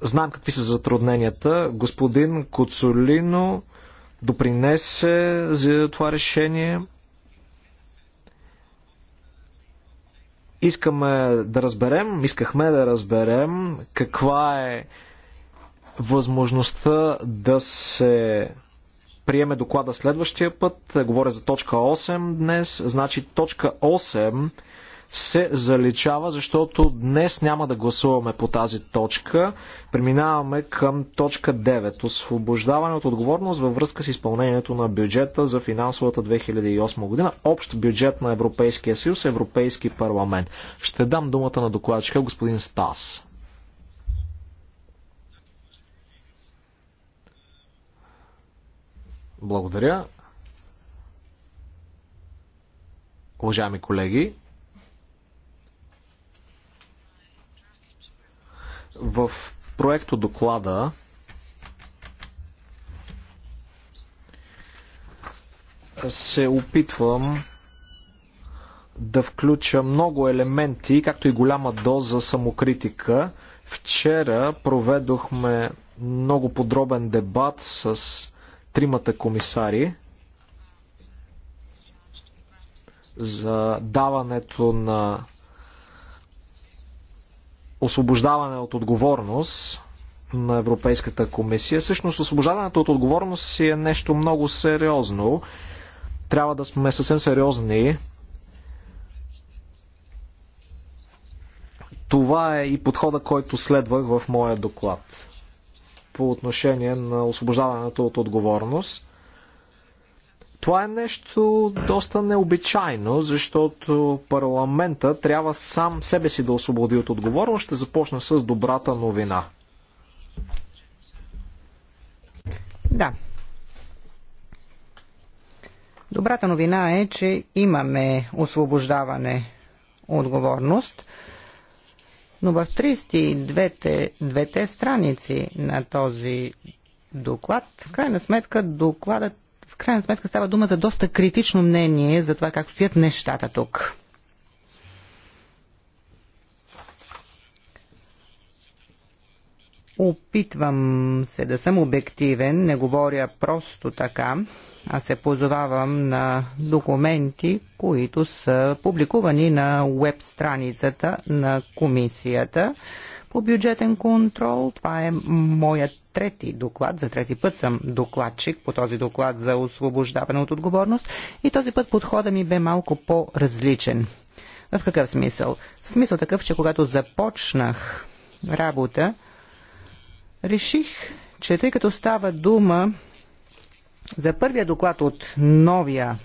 Знам какви са затрудненията. Господин Коцолино допринесе за това решение. Искаме да разберем, искахме да разберем каква е възможността да се приеме доклада следващия път. Говоря за точка 8 днес. Значи точка 8 се заличава, защото днес няма да гласуваме по тази точка. Преминаваме към точка 9. Освобождаване от отговорност във връзка с изпълнението на бюджета за финансовата 2008 година. Общ бюджет на Европейския съюз, Европейски парламент. Ще дам думата на докладчика господин Стас. Благодаря. Уважаеми колеги, В проекто доклада се опитвам да включа много елементи, както и голяма доза самокритика. Вчера проведохме много подробен дебат с тримата комисари за даването на освобождаване от отговорност на Европейската комисия. Всъщност освобождаването от отговорност си е нещо много сериозно. Трябва да сме съвсем сериозни. Това е и подхода, който следвах в моя доклад по отношение на освобождаването от отговорност. Това е нещо доста необичайно, защото парламента трябва сам себе си да освободи от отговорност. Ще започна с добрата новина. Да. Добрата новина е, че имаме освобождаване отговорност, но в 32-те двете страници на този доклад, в крайна сметка докладът в крайна сметка става дума за доста критично мнение за това как стоят нещата тук. Опитвам се да съм обективен, не говоря просто така, а се позовавам на документи, които са публикувани на веб страницата на комисията по бюджетен контрол. Това е моят трети доклад, за трети път съм докладчик по този доклад за освобождаване от отговорност и този път подхода ми бе малко по-различен. В какъв смисъл? В смисъл такъв, че когато започнах работа, реших, че тъй като става дума за първия доклад от новия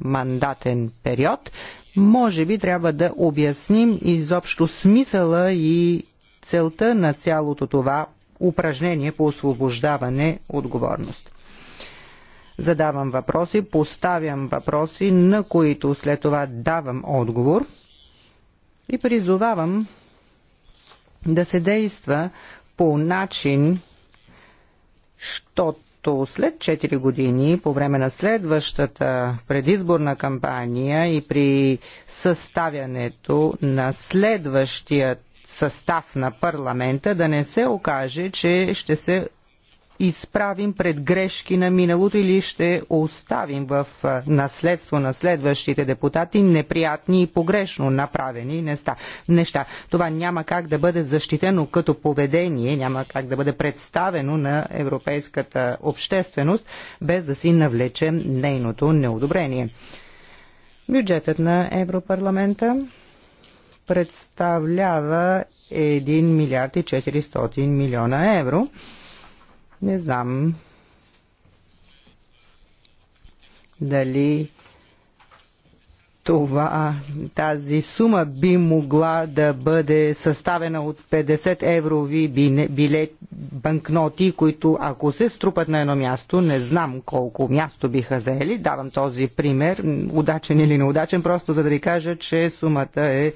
мандатен период, може би трябва да обясним изобщо смисъла и целта на цялото това упражнение по освобождаване отговорност. Задавам въпроси, поставям въпроси, на които след това давам отговор и призовавам да се действа по начин, защото след 4 години, по време на следващата предизборна кампания и при съставянето на следващият състав на парламента, да не се окаже, че ще се изправим пред грешки на миналото или ще оставим в наследство на следващите депутати неприятни и погрешно направени неща. Това няма как да бъде защитено като поведение, няма как да бъде представено на европейската общественост, без да си навлечем нейното неодобрение. Бюджетът на Европарламента представлява 1 милиард и 400 милиона евро. Не знам дали това, тази сума би могла да бъде съставена от 50 еврови билет, банкноти, които ако се струпат на едно място, не знам колко място биха заели. Давам този пример, удачен или неудачен, просто за да ви кажа, че сумата е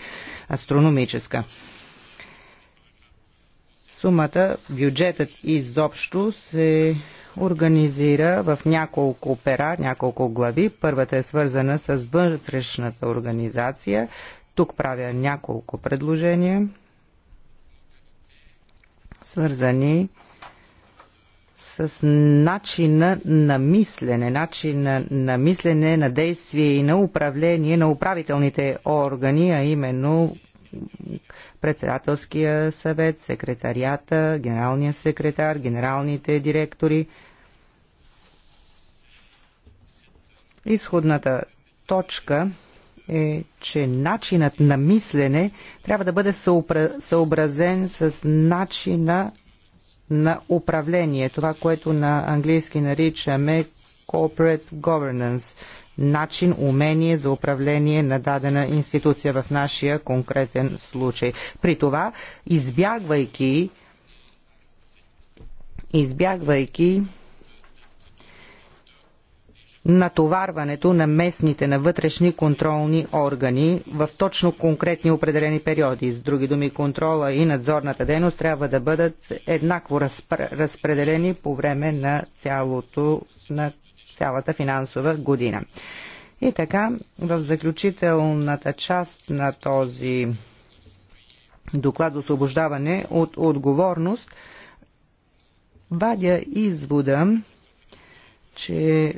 астрономическа. Сумата, бюджетът изобщо се организира в няколко пера, няколко глави. Първата е свързана с вътрешната организация. Тук правя няколко предложения, свързани с начина на мислене, начина на мислене, на действие и на управление на управителните органи, а именно председателския съвет, секретарията, генералния секретар, генералните директори – Изходната точка е, че начинът на мислене трябва да бъде съобразен с начина на управление, това, което на английски наричаме corporate governance, начин, умение за управление на дадена институция в нашия конкретен случай. При това, избягвайки избягвайки натоварването на местните, на вътрешни контролни органи в точно конкретни определени периоди. С други думи, контрола и надзорната дейност трябва да бъдат еднакво разпределени по време на, цялото, на цялата финансова година. И така, в заключителната част на този доклад за освобождаване от отговорност, вадя извода, че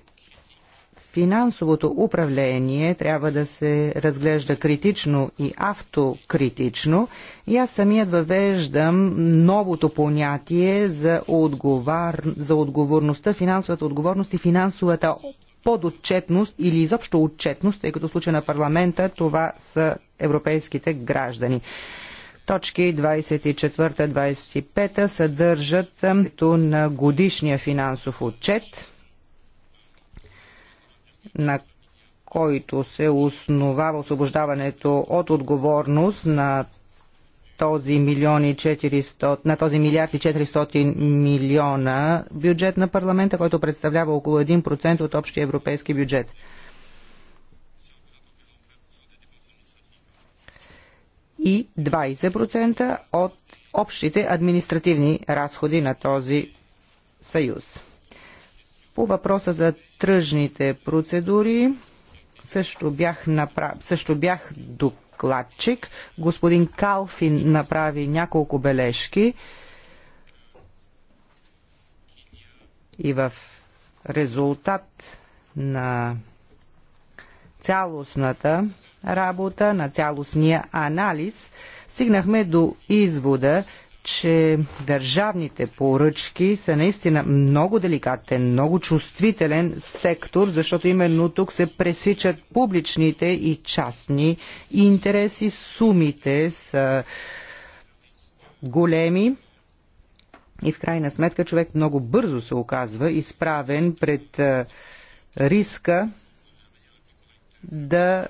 финансовото управление трябва да се разглежда критично и автокритично и аз самият въвеждам новото понятие за, отговор... за отговорността, финансовата отговорност и финансовата подотчетност или изобщо отчетност, тъй като в случая на парламента това са европейските граждани. Точки 24-25 съдържат на годишния финансов отчет – на който се основава освобождаването от отговорност на този, милион и 400, на този милиард и 400 милиона бюджет на парламента, който представлява около 1% от общия европейски бюджет. И 20% от общите административни разходи на този съюз. По въпроса за тръжните процедури също бях, направ... също бях докладчик. Господин Калфин направи няколко бележки и в резултат на цялостната работа, на цялостния анализ, стигнахме до извода, че държавните поръчки са наистина много деликатен, много чувствителен сектор, защото именно тук се пресичат публичните и частни интереси, сумите са големи и в крайна сметка човек много бързо се оказва изправен пред риска да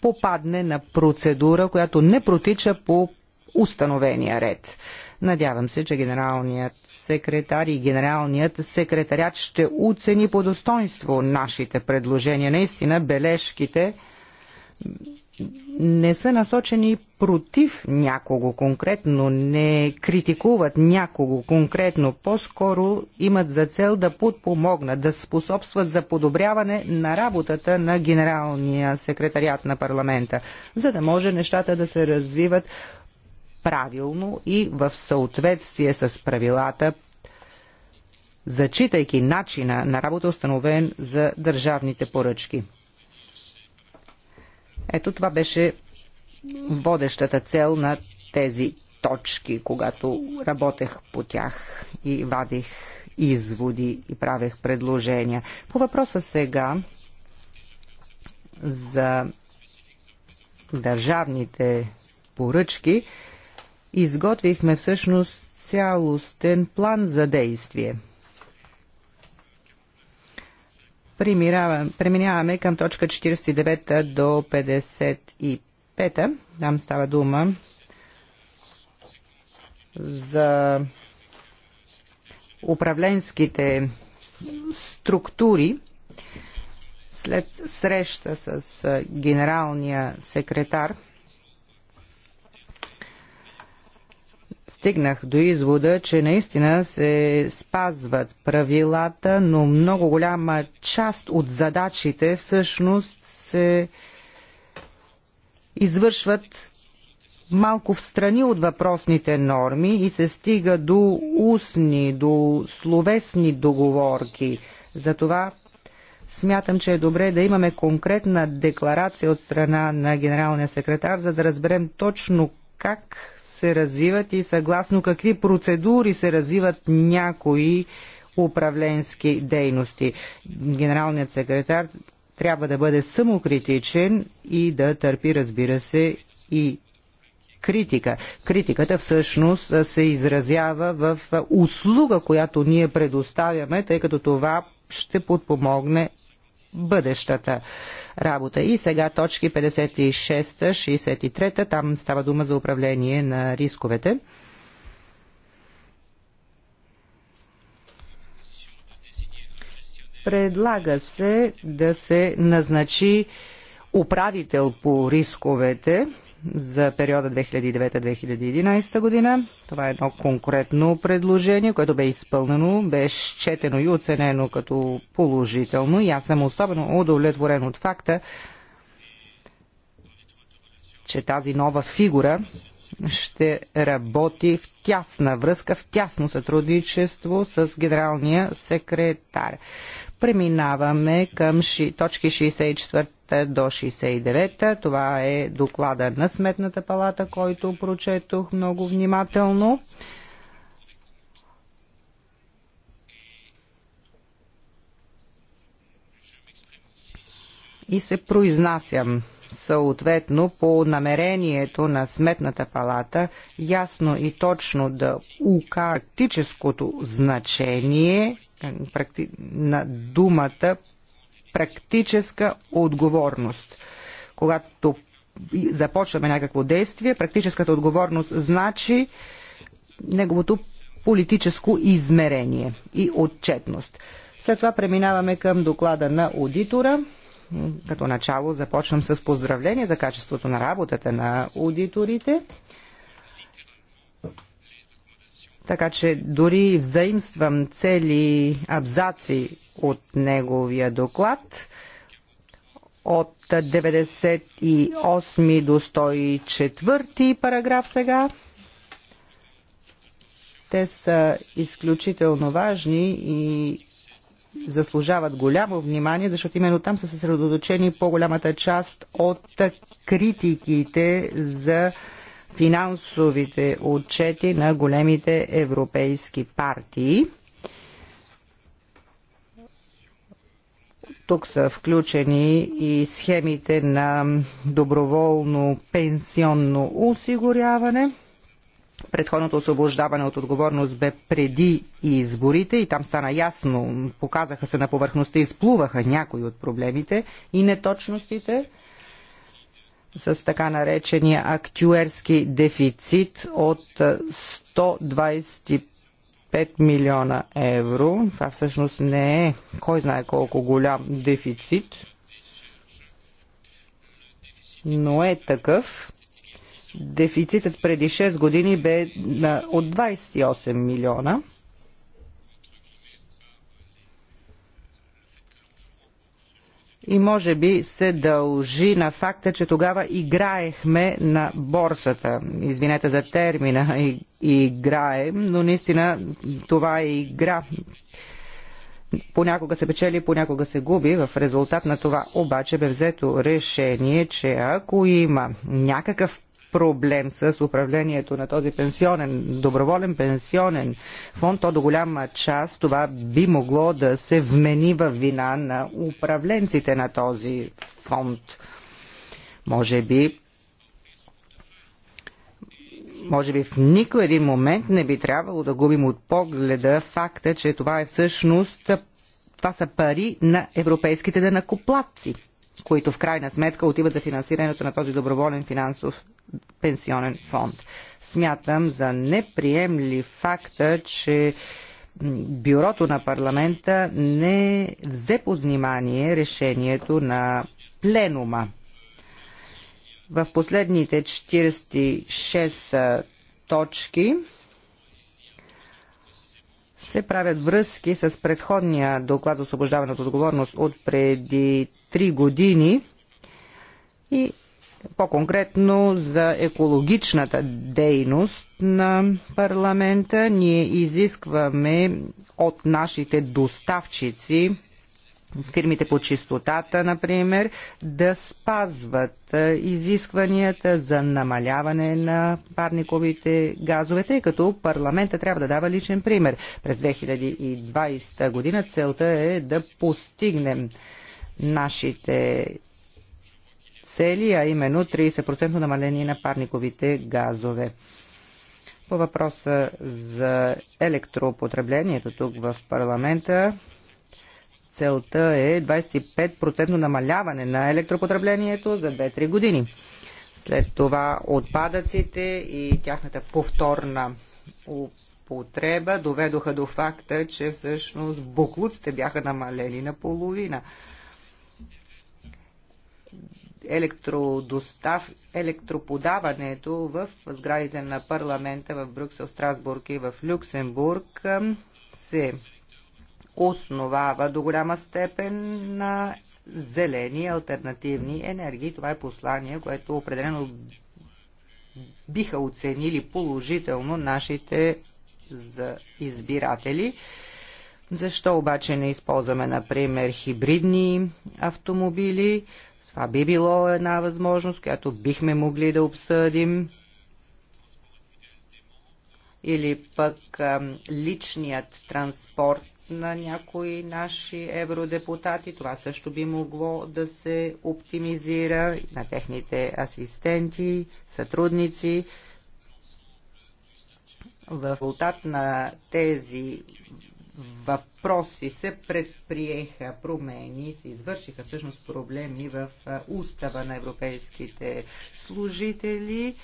попадне на процедура, която не протича по установения ред. Надявам се, че генералният секретар и генералният секретарят ще оцени по достоинство нашите предложения. Наистина, бележките не са насочени против някого конкретно, не критикуват някого конкретно, по-скоро имат за цел да подпомогнат, да способстват за подобряване на работата на Генералния секретариат на парламента, за да може нещата да се развиват правилно и в съответствие с правилата, зачитайки начина на работа установен за държавните поръчки. Ето това беше водещата цел на тези точки, когато работех по тях и вадих изводи и правех предложения. По въпроса сега за държавните поръчки, изготвихме всъщност цялостен план за действие. Преминаваме към точка 49 до 55. Там става дума за управленските структури след среща с генералния секретар – стигнах до извода, че наистина се спазват правилата, но много голяма част от задачите всъщност се извършват малко в страни от въпросните норми и се стига до устни, до словесни договорки. Затова смятам, че е добре да имаме конкретна декларация от страна на генералния секретар, за да разберем точно как се развиват и съгласно какви процедури се развиват някои управленски дейности. Генералният секретар трябва да бъде самокритичен и да търпи, разбира се, и критика. Критиката всъщност се изразява в услуга, която ние предоставяме, тъй като това ще подпомогне бъдещата работа. И сега точки 56-63, там става дума за управление на рисковете. Предлага се да се назначи управител по рисковете, за периода 2009-2011 година. Това е едно конкретно предложение, което бе изпълнено, бе счетено и оценено като положително и аз съм особено удовлетворен от факта, че тази нова фигура ще работи в тясна връзка, в тясно сътрудничество с генералния секретар. Преминаваме към точки 64 до 69. Това е доклада на Сметната палата, който прочетох много внимателно. И се произнасям съответно по намерението на Сметната палата ясно и точно да ука тактическото значение на думата практическа отговорност. Когато започваме някакво действие, практическата отговорност значи неговото политическо измерение и отчетност. След това преминаваме към доклада на аудитора. Като начало започвам с поздравление за качеството на работата на аудиторите. Така че дори взаимствам цели абзаци от неговия доклад от 98 до 104 параграф сега. Те са изключително важни и заслужават голямо внимание, защото именно там са съсредоточени по-голямата част от критиките за финансовите отчети на големите европейски партии. Тук са включени и схемите на доброволно пенсионно осигуряване. Предходното освобождаване от отговорност бе преди изборите и там стана ясно, показаха се на повърхността, изплуваха някои от проблемите и неточностите – с така наречения актюерски дефицит от 125 е, милиона евро. Това всъщност не е кой знае колко голям дефицит, но е такъв. Дефицитът преди 6 години бе е, от 28 милиона – и може би се дължи на факта, че тогава играехме на борсата. Извинете за термина играем, но наистина това е игра. Понякога се печели, понякога се губи. В резултат на това обаче бе взето решение, че ако има някакъв проблем с управлението на този пенсионен, доброволен пенсионен фонд, то до голяма част това би могло да се вмени в вина на управленците на този фонд. Може би може би в никой един момент не би трябвало да губим от погледа факта, че това е всъщност това са пари на европейските данакоплатци, които в крайна сметка отиват за финансирането на този доброволен финансов пенсионен фонд. Смятам за неприемли факта, че бюрото на парламента не взе под внимание решението на пленума. В последните 46 точки се правят връзки с предходния доклад за освобождаване от отговорност от преди 3 години и по-конкретно за екологичната дейност на парламента ние изискваме от нашите доставчици фирмите по чистотата, например, да спазват изискванията за намаляване на парниковите газове, тъй като парламента трябва да дава личен пример. През 2020 година целта е да постигнем нашите цели, а именно 30% намаление на парниковите газове. По въпроса за електропотреблението тук в парламента, целта е 25% намаляване на електропотреблението за 2-3 години. След това отпадъците и тяхната повторна употреба доведоха до факта, че всъщност буклуците бяха намалели наполовина. половина електродостав, електроподаването в сградите на парламента в Брюксел, Страсбург и в Люксембург се основава до голяма степен на зелени альтернативни енергии. Това е послание, което определено биха оценили положително нашите за избиратели. Защо обаче не използваме, например, хибридни автомобили? Това би било една възможност, която бихме могли да обсъдим. Или пък личният транспорт на някои наши евродепутати. Това също би могло да се оптимизира на техните асистенти, сътрудници. В резултат на тези въпроси се предприеха промени, се извършиха всъщност проблеми в устава на европейските служители,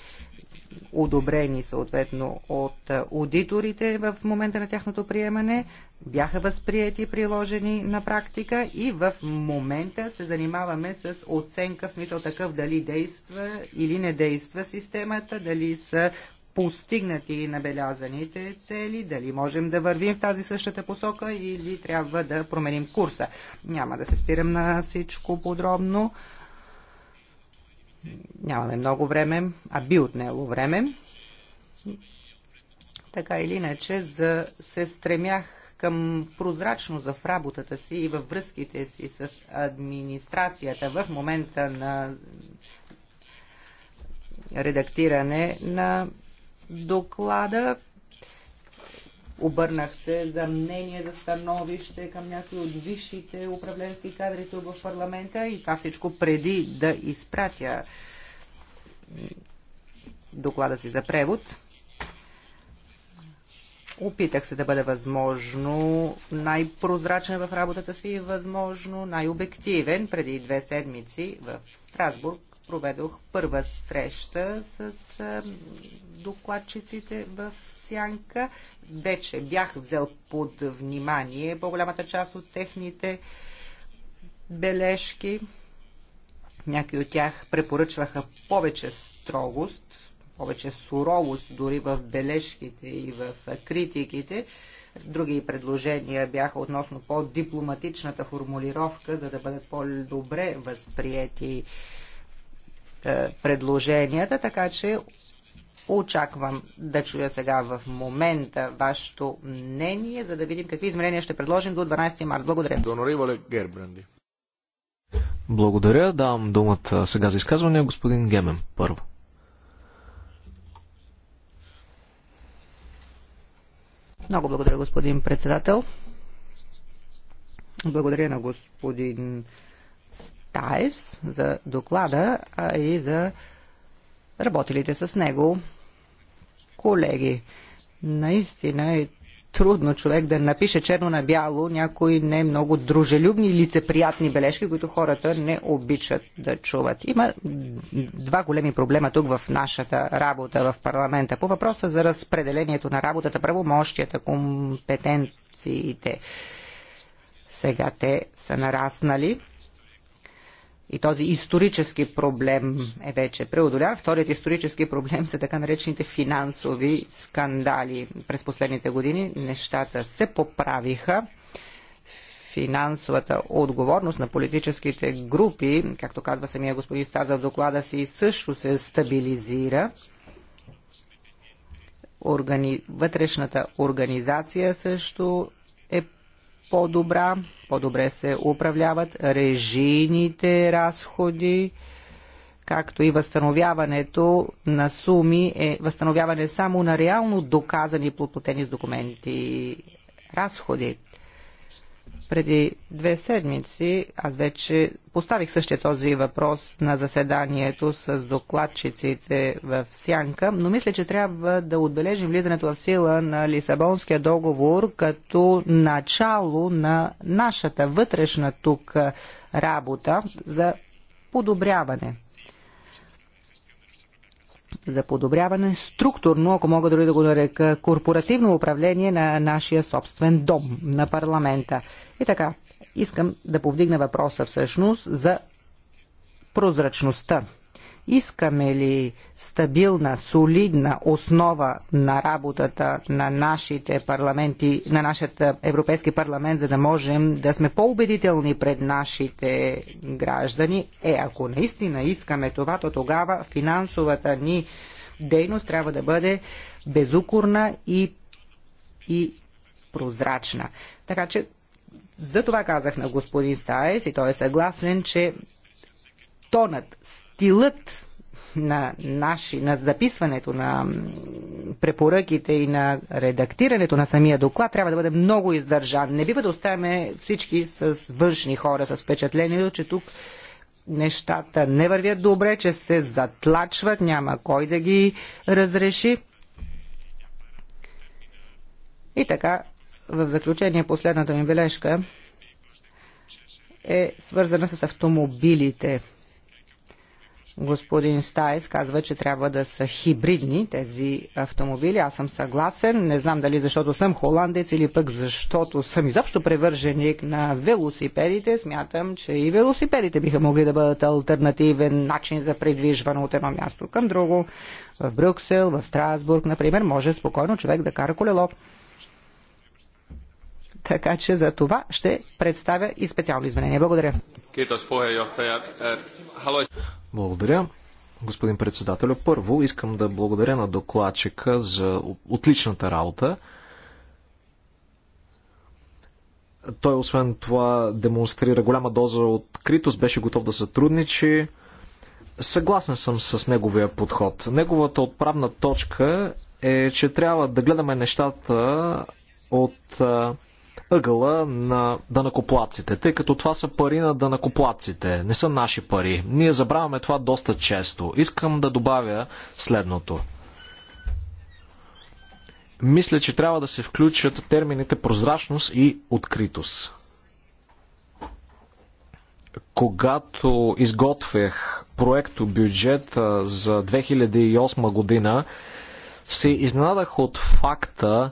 одобрени съответно от аудиторите в момента на тяхното приемане, бяха възприяти, приложени на практика и в момента се занимаваме с оценка в смисъл такъв дали действа или не действа системата, дали са постигнати и набелязаните цели, дали можем да вървим в тази същата посока или трябва да променим курса. Няма да се спирам на всичко подробно. Нямаме много време, а би отнело време. Така или иначе, за, се стремях към прозрачност в работата си и във връзките си с администрацията в момента на редактиране на доклада. Обърнах се за мнение, за становище към някои от висшите управленски кадри тук в парламента и това всичко преди да изпратя доклада си за превод. Опитах се да бъде възможно най-прозрачен в работата си и възможно най-обективен. Преди две седмици в Страсбург проведох първа среща с докладчиците в Сянка. Вече бях взел под внимание по-голямата част от техните бележки. Някои от тях препоръчваха повече строгост, повече суровост дори в бележките и в критиките. Други предложения бяха относно по-дипломатичната формулировка, за да бъдат по-добре възприяти е, предложенията, така че очаквам да чуя сега в момента вашето мнение, за да видим какви изменения ще предложим до 12 марта. Благодаря. Донориволе Гербранди. Благодаря. Давам думата сега за изказване господин Гемен първо. Много благодаря, господин председател. Благодаря на господин Таес за доклада, а и за работилите с него колеги. Наистина е трудно човек да напише черно на бяло някои не много дружелюбни и лицеприятни бележки, които хората не обичат да чуват. Има два големи проблема тук в нашата работа в парламента. По въпроса за разпределението на работата, правомощията, компетенциите. Сега те са нараснали и този исторически проблем е вече преодолян. Вторият исторически проблем са така наречените финансови скандали. През последните години нещата се поправиха финансовата отговорност на политическите групи, както казва самия господин Стаза в доклада си, също се стабилизира. Органи... Вътрешната организация също е по-добра по-добре се управляват, режийните разходи, както и възстановяването на суми е възстановяване само на реално доказани и с документи разходи. Преди две седмици аз вече поставих същия този въпрос на заседанието с докладчиците в Сянка, но мисля, че трябва да отбележим влизането в сила на Лисабонския договор като начало на нашата вътрешна тук работа за подобряване за подобряване структурно, ако мога дори да го нарека, корпоративно управление на нашия собствен дом, на парламента. И така, искам да повдигна въпроса всъщност за прозрачността Искаме ли стабилна, солидна основа на работата на нашите парламенти, на нашият Европейски парламент, за да можем да сме по-убедителни пред нашите граждани? Е, ако наистина искаме това, то тогава финансовата ни дейност трябва да бъде безукорна и, и прозрачна. Така че за това казах на господин Стаес и той е съгласен, че тонът, стилът на, наши, на записването на препоръките и на редактирането на самия доклад трябва да бъде много издържан. Не бива да оставяме всички с външни хора, с впечатлението, че тук нещата не вървят добре, че се затлачват, няма кой да ги разреши. И така, в заключение, последната ми бележка е свързана с автомобилите – господин Стайс казва, че трябва да са хибридни тези автомобили. Аз съм съгласен. Не знам дали защото съм холандец или пък защото съм изобщо превърженик на велосипедите. Смятам, че и велосипедите биха могли да бъдат альтернативен начин за придвижване от едно място към друго. В Брюксел, в Страсбург, например, може спокойно човек да кара колело. Така че за това ще представя и специално изменение. Благодаря. Благодаря. Господин председател, първо искам да благодаря на докладчика за отличната работа. Той, освен това, демонстрира голяма доза откритост, беше готов да сътрудничи. Съгласен съм с неговия подход. Неговата отправна точка е, че трябва да гледаме нещата от ъгъла на данакоплаците, тъй като това са пари на данакоплаците, не са наши пари. Ние забравяме това доста често. Искам да добавя следното. Мисля, че трябва да се включат термините прозрачност и откритост. Когато изготвях проекто бюджета за 2008 година, се изненадах от факта,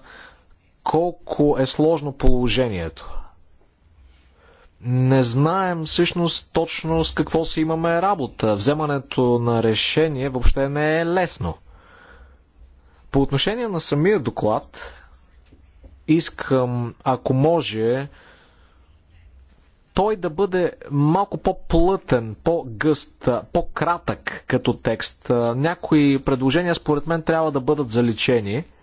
колко е сложно положението. Не знаем всъщност точно с какво си имаме работа. Вземането на решение въобще не е лесно. По отношение на самия доклад, искам, ако може, той да бъде малко по-плътен, по-гъст, по-кратък като текст. Някои предложения, според мен, трябва да бъдат заличени –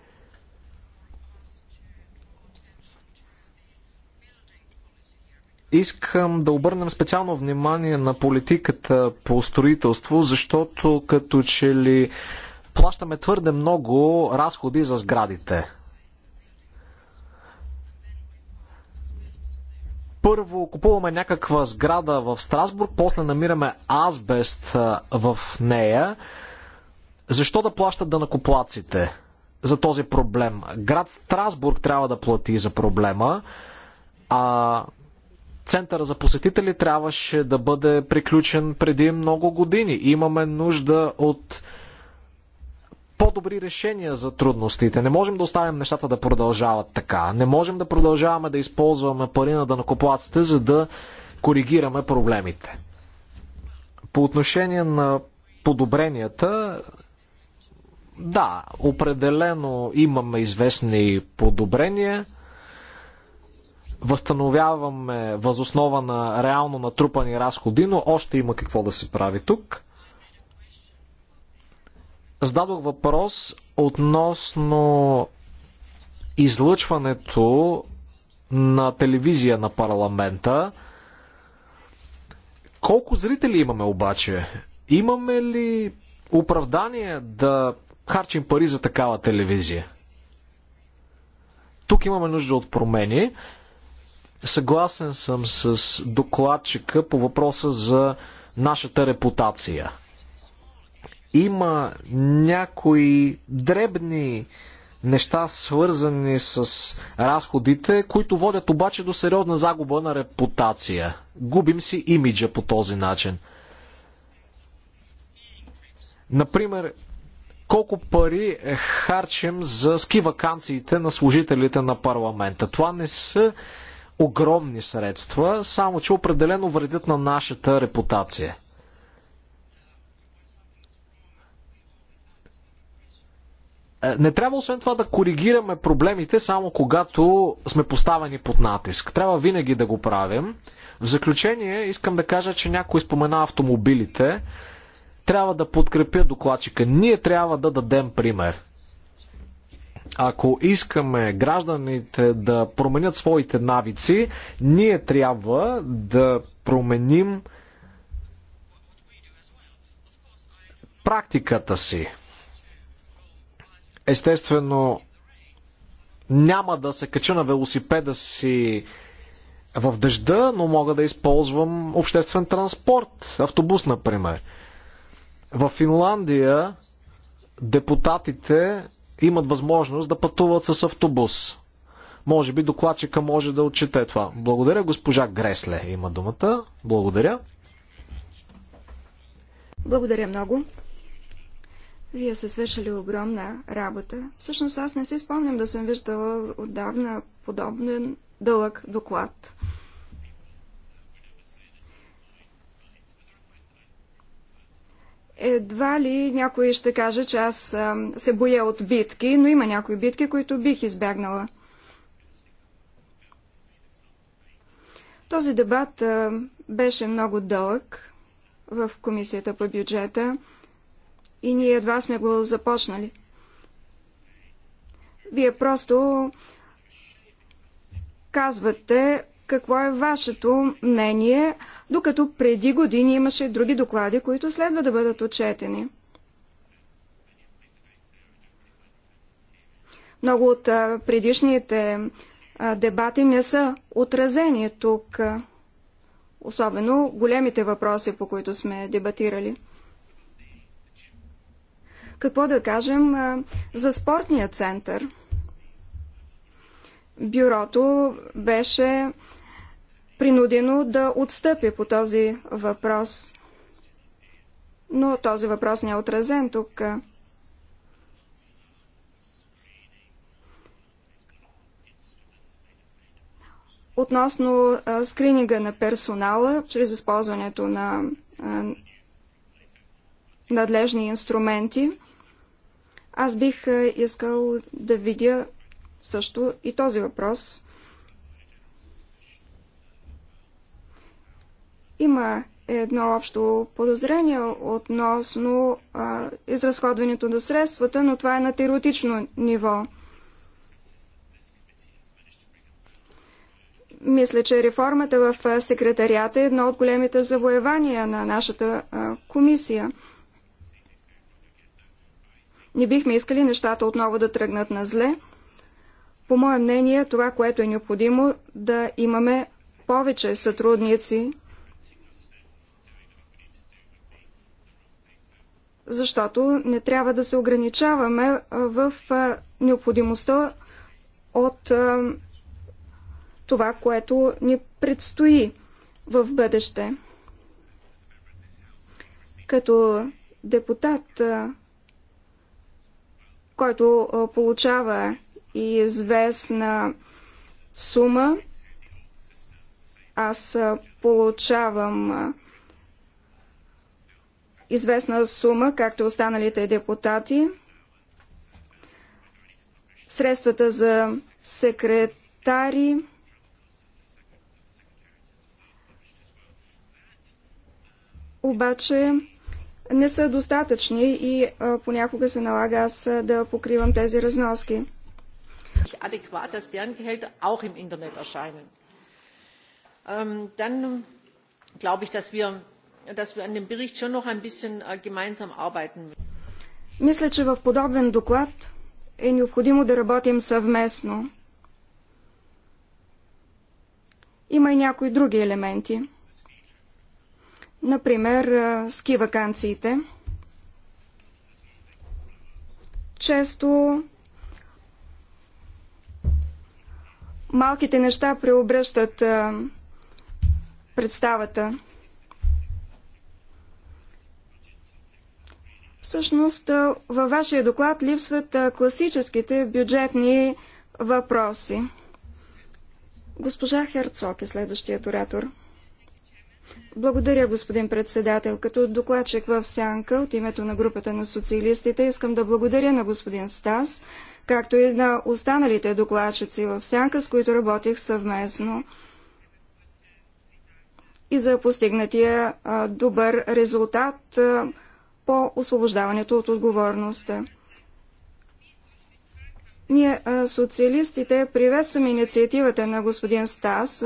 искам да обърнем специално внимание на политиката по строителство, защото като че ли плащаме твърде много разходи за сградите. Първо купуваме някаква сграда в Страсбург, после намираме азбест в нея. Защо да плащат данакоплаците за този проблем? Град Страсбург трябва да плати за проблема, а Центъра за посетители трябваше да бъде приключен преди много години. Имаме нужда от по-добри решения за трудностите. Не можем да оставим нещата да продължават така. Не можем да продължаваме да използваме пари на данокоплаците, за да коригираме проблемите. По отношение на подобренията, да, определено имаме известни подобрения – възстановяваме възоснова на реално натрупани разходи, но още има какво да се прави тук. Зададох въпрос относно излъчването на телевизия на парламента. Колко зрители имаме обаче? Имаме ли оправдание да харчим пари за такава телевизия? Тук имаме нужда от промени. Съгласен съм с докладчика по въпроса за нашата репутация. Има някои дребни неща, свързани с разходите, които водят обаче до сериозна загуба на репутация. Губим си имиджа по този начин. Например, колко пари е харчим за ски вакансиите на служителите на парламента. Това не са огромни средства, само че определено вредят на нашата репутация. Е, не трябва освен това да коригираме проблемите само когато сме поставени под натиск. Трябва винаги да го правим. В заключение искам да кажа, че някой спомена автомобилите. Трябва да подкрепя докладчика. Ние трябва да дадем пример. Ако искаме гражданите да променят своите навици, ние трябва да променим практиката си. Естествено, няма да се кача на велосипеда си в дъжда, но мога да използвам обществен транспорт, автобус, например. В Финландия депутатите имат възможност да пътуват с автобус. Може би докладчика може да отчете това. Благодаря, госпожа Гресле има думата. Благодаря. Благодаря много. Вие се свършили огромна работа. Всъщност аз не си спомням да съм виждала отдавна подобен дълъг доклад. Едва ли някой ще каже, че аз се боя от битки, но има някои битки, които бих избягнала. Този дебат беше много дълъг в Комисията по бюджета и ние едва сме го започнали. Вие просто казвате какво е вашето мнение, докато преди години имаше други доклади, които следва да бъдат отчетени. Много от предишните дебати не са отразени тук, особено големите въпроси, по които сме дебатирали. Какво да кажем за спортния център? Бюрото беше принудено да отстъпи по този въпрос. Но този въпрос не е отразен тук. Относно а, скрининга на персонала, чрез използването на а, надлежни инструменти, аз бих а, искал да видя също и този въпрос – Има едно общо подозрение относно а, изразходването на средствата, но това е на теоретично ниво. Мисля, че реформата в секретарията е едно от големите завоевания на нашата а, комисия. Не бихме искали нещата отново да тръгнат на зле. По мое мнение, това, което е необходимо, да имаме повече сътрудници защото не трябва да се ограничаваме в необходимостта от това, което ни предстои в бъдеще. Като депутат, който получава известна сума, аз получавам известна сума, както останалите депутати. Средствата за секретари, обаче не са достатъчни и а, понякога се налага аз да покривам тези разноски. auch im Internet erscheinen. Ähm, dann ähm, glaube ich, dass wir dass wir an dem Bericht schon noch ein bisschen äh, gemeinsam arbeiten müssen. Мисля, че в подобен доклад е необходимо да работим съвместно. Има и някои други елементи. Например, ски вакансиите. Често малките неща преобръщат представата. Всъщност, във вашия доклад липсват класическите бюджетни въпроси. Госпожа Херцог е следващият оратор. Благодаря, господин председател. Като докладчик в Сянка от името на групата на социалистите искам да благодаря на господин Стас, както и на останалите докладчици в Сянка, с които работих съвместно и за постигнатия добър резултат по освобождаването от отговорността. Ние, социалистите, приветстваме инициативата на господин Стас,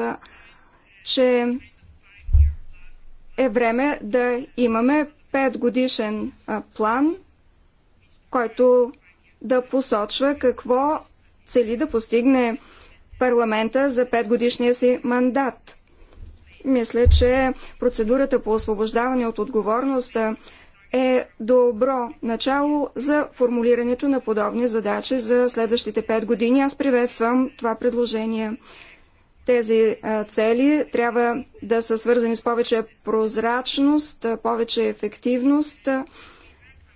че е време да имаме петгодишен план, който да посочва какво цели да постигне парламента за петгодишния си мандат. Мисля, че процедурата по освобождаване от отговорността е добро начало за формулирането на подобни задачи за следващите 5 години. Аз приветствам това предложение. Тези цели трябва да са свързани с повече прозрачност, повече ефективност,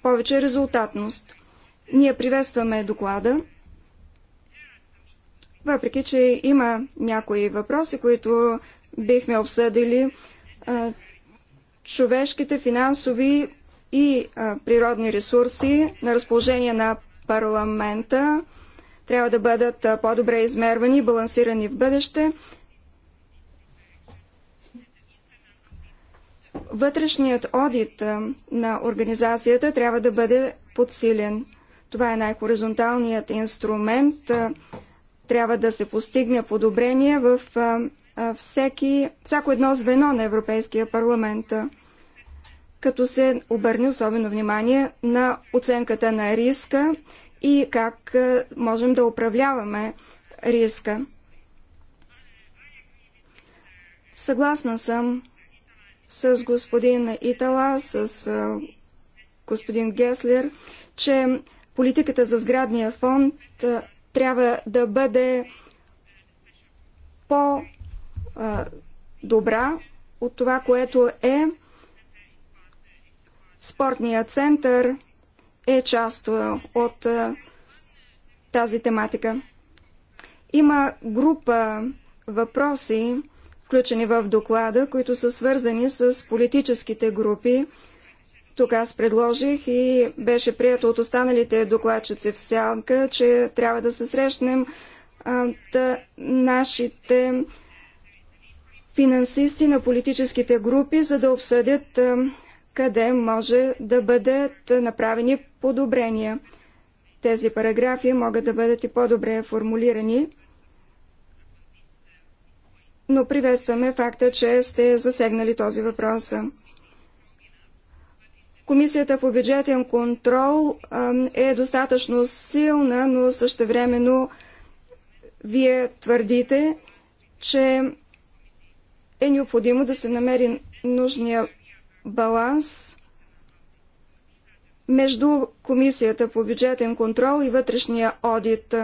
повече резултатност. Ние приветстваме доклада, въпреки че има някои въпроси, които бихме обсъдили. Човешките финансови и природни ресурси на разположение на парламента трябва да бъдат по-добре измервани и балансирани в бъдеще. Вътрешният одит на организацията трябва да бъде подсилен. Това е най-хоризонталният инструмент. Трябва да се постигне подобрение в всеки, всяко едно звено на Европейския парламент като се обърне особено внимание на оценката на риска и как е, можем да управляваме риска. Съгласна съм с господин Итала, с е, господин Геслер, че политиката за сградния фонд е, трябва да бъде по-добра от това, което е Спортният център е част от тази тематика. Има група въпроси, включени в доклада, които са свързани с политическите групи. Тук аз предложих и беше прието от останалите докладчици в сянка, че трябва да се срещнем а, нашите финансисти на политическите групи, за да обсъдят а, къде може да бъдат направени подобрения. Тези параграфи могат да бъдат и по-добре формулирани, но приветстваме факта, че сте засегнали този въпрос. Комисията по бюджетен контрол е достатъчно силна, но същевременно вие твърдите, че е необходимо да се намери нужния баланс между Комисията по бюджетен контрол и вътрешния одит.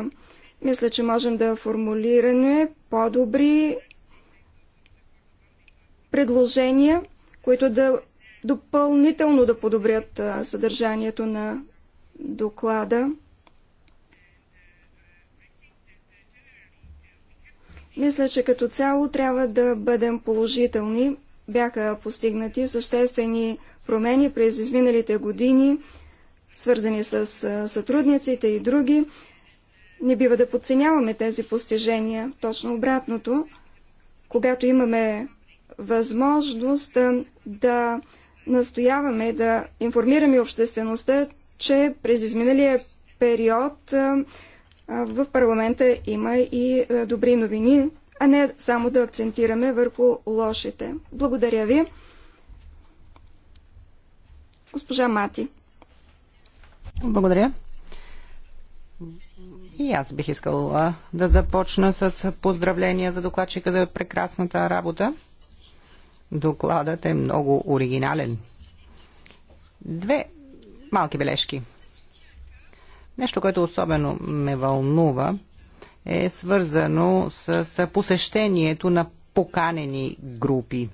Мисля, че можем да формулираме по-добри предложения, които да допълнително да подобрят съдържанието на доклада. Мисля, че като цяло трябва да бъдем положителни бяха постигнати съществени промени през изминалите години, свързани с сътрудниците и други. Не бива да подценяваме тези постижения. Точно обратното, когато имаме възможност да настояваме да информираме обществеността, че през изминалия период в парламента има и добри новини а не само да акцентираме върху лошите. Благодаря ви. Госпожа Мати. Благодаря. И аз бих искала да започна с поздравления за докладчика за прекрасната работа. Докладът е много оригинален. Две малки бележки. Нещо, което особено ме вълнува – е свързано с посещението на поканени групи.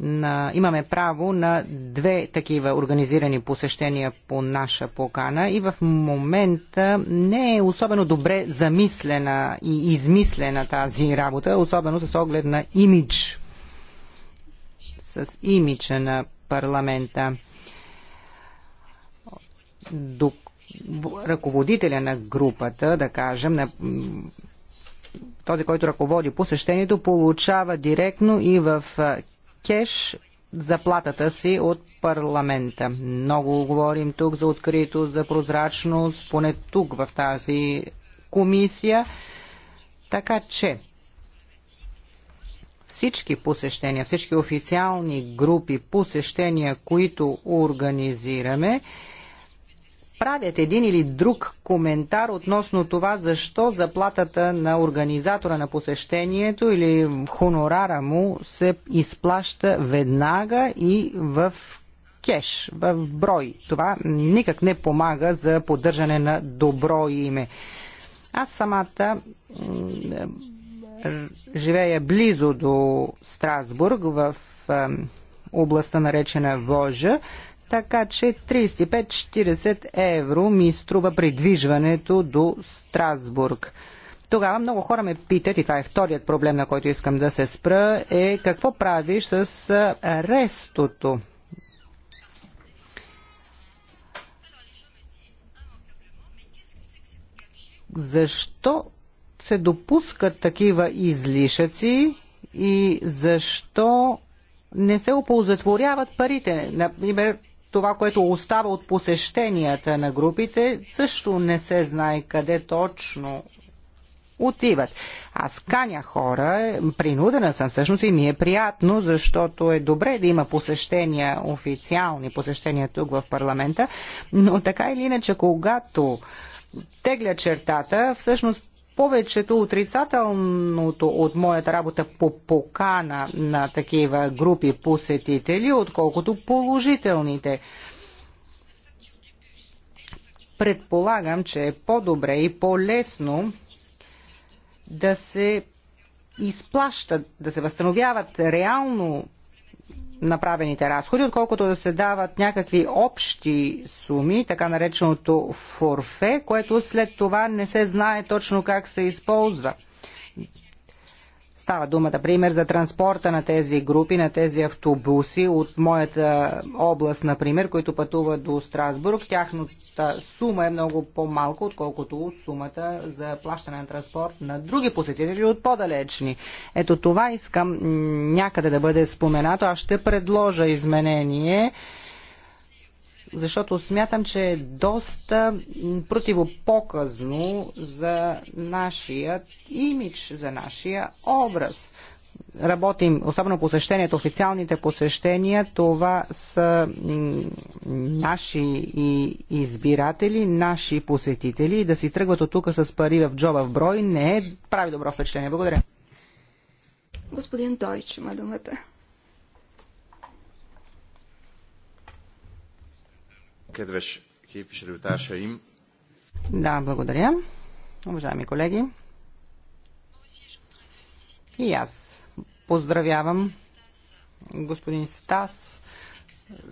На, имаме право на две такива организирани посещения по наша покана и в момента не е особено добре замислена и измислена тази работа, особено с оглед на имидж, с имиджа на парламента. Док ръководителя на групата, да кажем, на този, който ръководи посещението, получава директно и в кеш заплатата си от парламента. Много говорим тук за открито, за прозрачност, поне тук в тази комисия. Така че всички посещения, всички официални групи посещения, които организираме, правят един или друг коментар относно това защо заплатата на организатора на посещението или хонорара му се изплаща веднага и в кеш, в брой. Това никак не помага за поддържане на добро име. Аз самата живея близо до Страсбург в областта наречена Вожа така че 35-40 евро ми струва придвижването до Страсбург. Тогава много хора ме питат, и това е вторият проблем, на който искам да се спра, е какво правиш с рестото? Защо се допускат такива излишъци и защо не се оползотворяват парите? Например, това, което остава от посещенията на групите, също не се знае къде точно отиват. Аз каня хора, принудена съм всъщност и ми е приятно, защото е добре да има посещения, официални посещения тук в парламента, но така или иначе, когато тегля чертата, всъщност повечето отрицателното от моята работа по покана на такива групи посетители, отколкото положителните. Предполагам, че е по-добре и по-лесно да се изплащат, да се възстановяват реално направените разходи, отколкото да се дават някакви общи суми, така нареченото форфе, което след това не се знае точно как се използва. Става дума, например, за транспорта на тези групи, на тези автобуси от моята област, например, които пътуват до Страсбург. Тяхната сума е много по-малко, отколкото сумата за плащане на транспорт на други посетители от по-далечни. Ето това искам някъде да бъде споменато. Аз ще предложа изменение защото смятам, че е доста противопоказно за нашия имидж, за нашия образ. Работим, особено посещението, официалните посещения, това са наши избиратели, наши посетители. Да си тръгват от тук с пари в джоба в брой не е, прави добро впечатление. Благодаря. Господин Дойч има думата. képviselőtársaim! Да, благодаря. Уважаеми колеги, и аз поздравявам господин Стас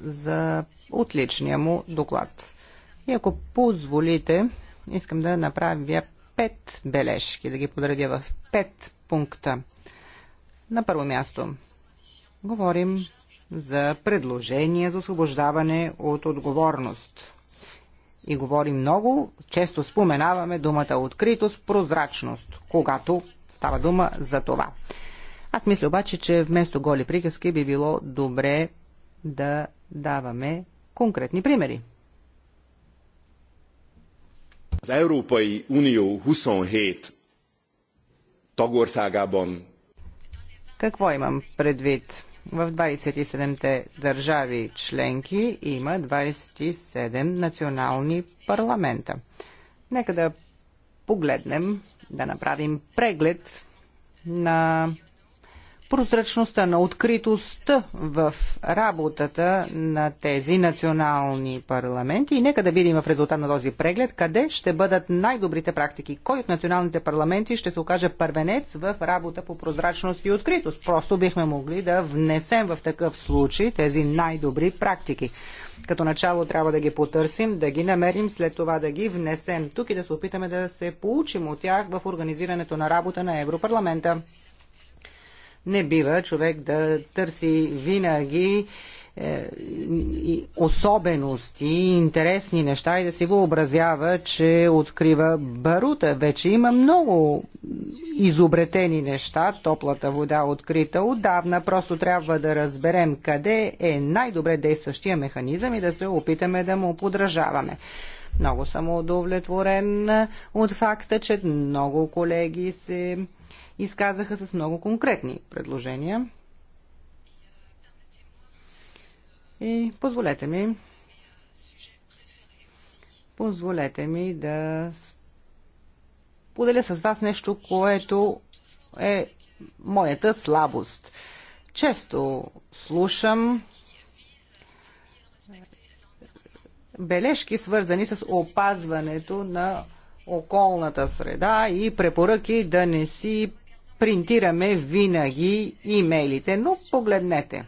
за отличния му доклад. И ако позволите, искам да направя пет бележки, да ги подредя в пет пункта. На първо място, говорим за предложения за освобождаване от отговорност. И говори много, често споменаваме думата откритост, прозрачност, когато става дума за това. Аз мисля обаче, че вместо голи приказки би било добре да даваме конкретни примери. Az Európai Unió 27 tagországában. Какво имам предвид? В 27-те държави членки има 27 национални парламента. Нека да погледнем, да направим преглед на прозрачността, на откритостта в работата на тези национални парламенти. И нека да видим в резултат на този преглед къде ще бъдат най-добрите практики. Кой от националните парламенти ще се окаже първенец в работа по прозрачност и откритост? Просто бихме могли да внесем в такъв случай тези най-добри практики. Като начало трябва да ги потърсим, да ги намерим, след това да ги внесем тук и да се опитаме да се получим от тях в организирането на работа на Европарламента. Не бива човек да търси винаги е, особености, интересни неща и да си въобразява, че открива барута. Вече има много изобретени неща, топлата вода открита отдавна. Просто трябва да разберем къде е най-добре действащия механизъм и да се опитаме да му подражаваме. Много съм удовлетворен от факта, че много колеги се изказаха с много конкретни предложения. И позволете ми позволете ми да поделя с вас нещо, което е моята слабост. Често слушам бележки, свързани с опазването на околната среда и препоръки да не си принтираме винаги имейлите, но погледнете.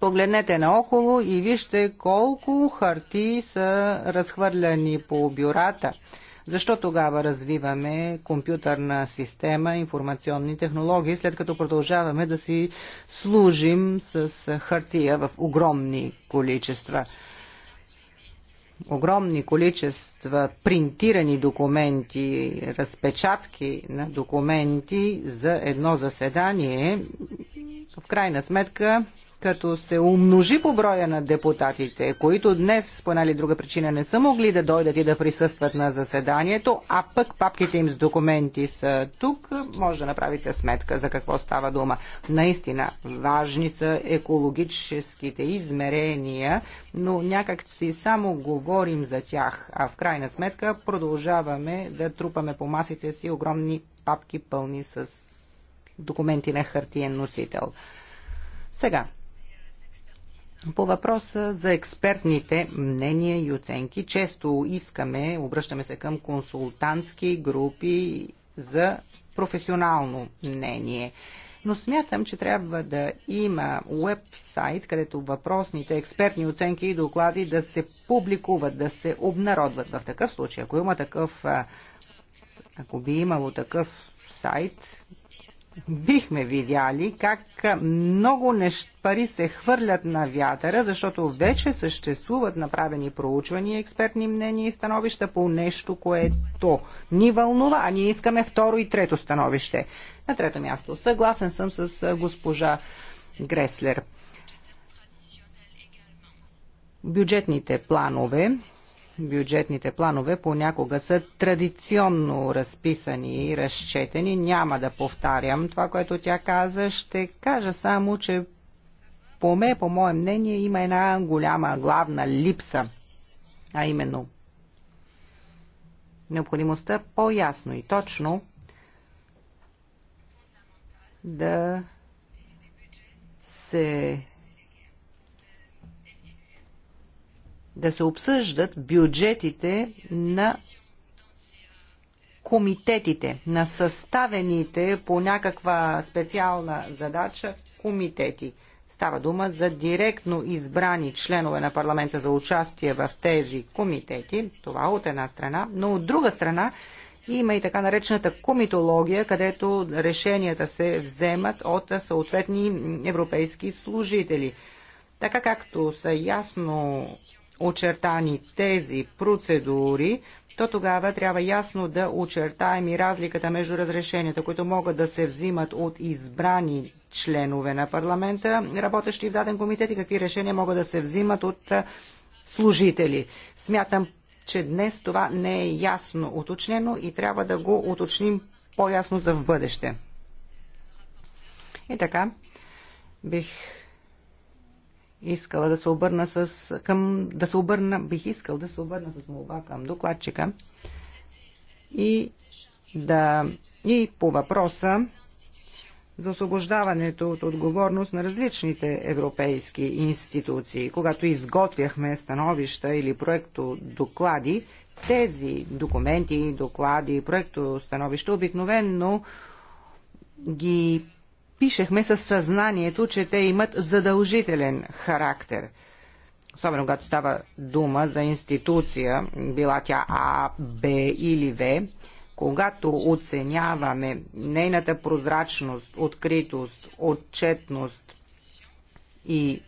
Погледнете наоколо и вижте колко хартии са разхвърляни по бюрата. Защо тогава развиваме компютърна система, информационни технологии, след като продължаваме да си служим с хартия в огромни количества? огромни количества принтирани документи, разпечатки на документи за едно заседание, в крайна сметка като се умножи по броя на депутатите, които днес по една или друга причина не са могли да дойдат и да присъстват на заседанието, а пък папките им с документи са тук, може да направите сметка за какво става дума. Наистина, важни са екологическите измерения, но някак си само говорим за тях, а в крайна сметка продължаваме да трупаме по масите си огромни папки пълни с документи на хартиен носител. Сега, по въпроса за експертните мнения и оценки, често искаме, обръщаме се към консултантски групи за професионално мнение. Но смятам, че трябва да има уебсайт, където въпросните експертни оценки и доклади да се публикуват, да се обнародват. В такъв случай, ако има такъв, ако би имало такъв сайт, бихме видяли как много нещ... пари се хвърлят на вятъра, защото вече съществуват направени проучвания, експертни мнения и становища по нещо, което ни вълнува, а ние искаме второ и трето становище. На трето място. Съгласен съм с госпожа Греслер. Бюджетните планове бюджетните планове понякога са традиционно разписани и разчетени. Няма да повтарям това, което тя каза. Ще кажа само, че по ме, по мое мнение, има една голяма главна липса, а именно необходимостта по-ясно и точно да се да се обсъждат бюджетите на комитетите, на съставените по някаква специална задача комитети. Става дума за директно избрани членове на парламента за участие в тези комитети. Това от една страна, но от друга страна има и така наречената комитология, където решенията се вземат от съответни европейски служители. Така както са ясно очертани тези процедури, то тогава трябва ясно да очертаем и разликата между разрешенията, които могат да се взимат от избрани членове на парламента, работещи в даден комитет и какви решения могат да се взимат от служители. Смятам, че днес това не е ясно уточнено и трябва да го уточним по-ясно за в бъдеще. И така, бих искала да се обърна с... Към, да се обърна, бих искал да се обърна с молба към докладчика и да и по въпроса за освобождаването от отговорност на различните европейски институции. Когато изготвяхме становища или проекто доклади, тези документи, доклади, проекто становища обикновенно ги пишехме със съзнанието, че те имат задължителен характер. Особено когато става дума за институция, била тя А, Б или В, когато оценяваме нейната прозрачност, откритост, отчетност и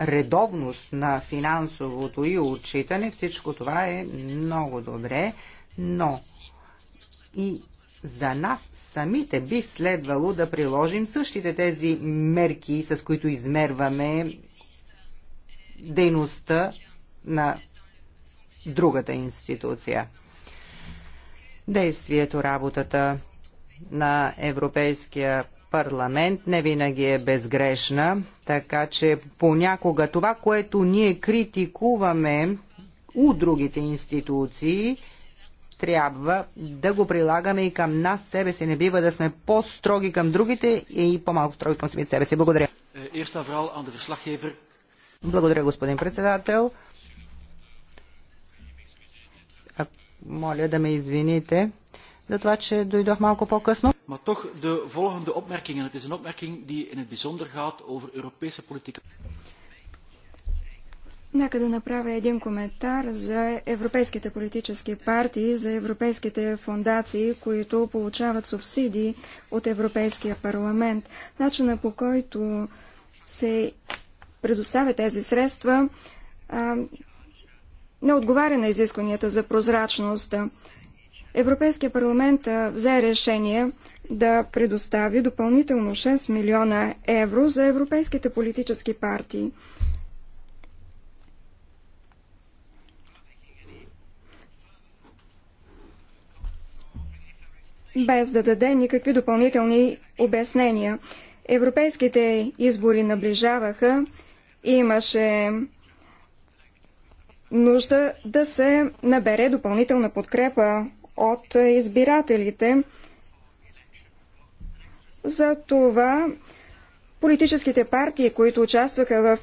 редовност на финансовото и отчитане, всичко това е много добре, но и за нас самите би следвало да приложим същите тези мерки, с които измерваме дейността на другата институция. Действието, работата на Европейския парламент не винаги е безгрешна, така че понякога това, което ние критикуваме у другите институции, трябва да го прилагаме и към нас себе си. Не бива да сме по-строги към другите и по-малко строги към самите себе си. Благодаря. Благодаря, господин председател. Моля да ме извините за това, че дойдох малко по-късно. Maar toch de volgende opmerking, en het is een opmerking die in het bijzonder gaat over Europese politieke... Нека да направя един коментар за европейските политически партии, за европейските фундации, които получават субсидии от Европейския парламент. Начина по който се предоставя тези средства а, не отговаря на изискванията за прозрачност. Европейския парламент взе решение да предостави допълнително 6 милиона евро за европейските политически партии. без да даде никакви допълнителни обяснения. Европейските избори наближаваха и имаше нужда да се набере допълнителна подкрепа от избирателите. За това политическите партии, които участваха в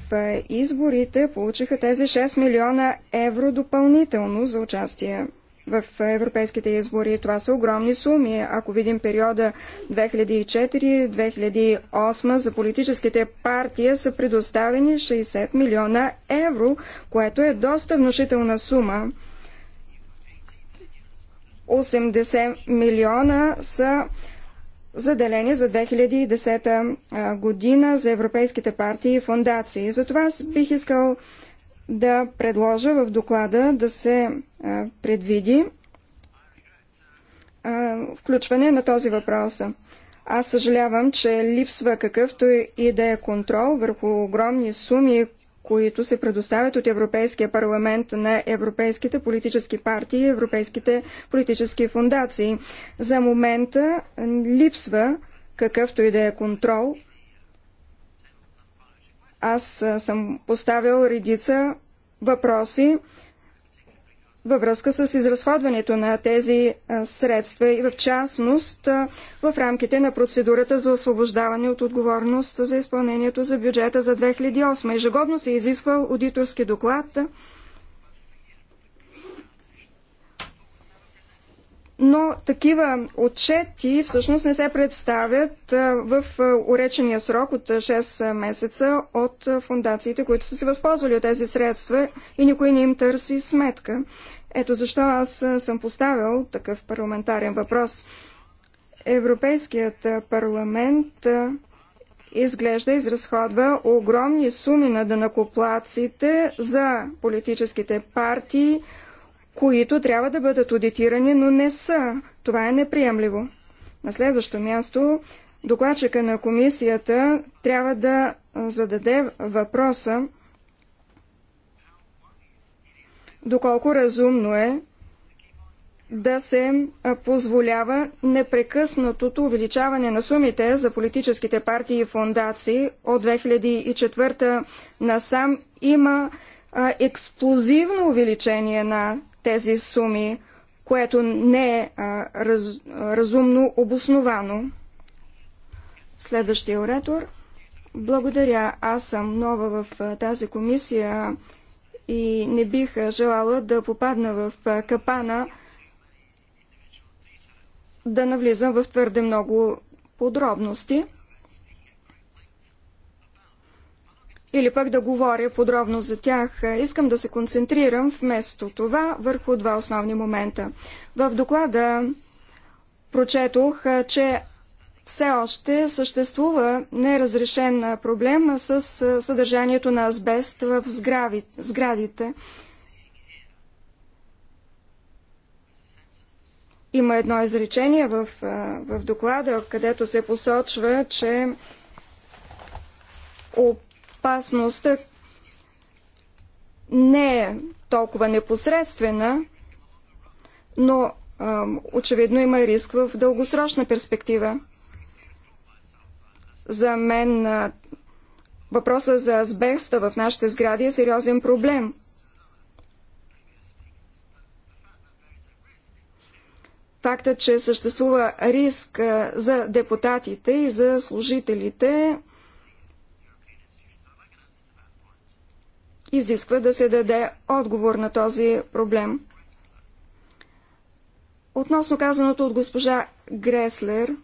изборите, получиха тези 6 милиона евро допълнително за участие в европейските избори. Това са огромни суми. Ако видим периода 2004-2008 за политическите партии са предоставени 60 милиона евро, което е доста внушителна сума. 80 милиона са заделени за 2010 година за европейските партии и фундации. Затова бих искал да предложа в доклада да се предвиди включване на този въпрос. Аз съжалявам, че липсва какъвто и да е контрол върху огромни суми, които се предоставят от Европейския парламент на европейските политически партии и европейските политически фундации. За момента липсва какъвто и да е контрол аз съм поставил редица въпроси във връзка с изразходването на тези средства и в частност в рамките на процедурата за освобождаване от отговорност за изпълнението за бюджета за 2008. Ежегодно се изисква аудиторски доклад но такива отчети всъщност не се представят в уречения срок от 6 месеца от фундациите, които са се възползвали от тези средства и никой не им търси сметка. Ето защо аз съм поставил такъв парламентарен въпрос. Европейският парламент изглежда изразходва огромни суми на дънакоплаците за политическите партии, които трябва да бъдат аудитирани, но не са. Това е неприемливо. На следващо място, докладчика на комисията трябва да зададе въпроса доколко разумно е да се позволява непрекъснатото увеличаване на сумите за политическите партии и фундации. От 2004 насам има експлозивно увеличение на тези суми, което не е а, раз, разумно обосновано. Следващия оратор. Благодаря. Аз съм нова в тази комисия и не бих желала да попадна в капана да навлизам в твърде много подробности. или пък да говоря подробно за тях. Искам да се концентрирам вместо това върху два основни момента. В доклада прочетох, че все още съществува неразрешен проблем с съдържанието на азбест в сградите. Има едно изречение в, в доклада, където се посочва, че опасността не е толкова непосредствена, но а, очевидно има риск в дългосрочна перспектива. За мен а, въпроса за азбеста в нашите сгради е сериозен проблем. Фактът, че съществува риск за депутатите и за служителите изисква да се даде отговор на този проблем. Относно казаното от госпожа Греслер,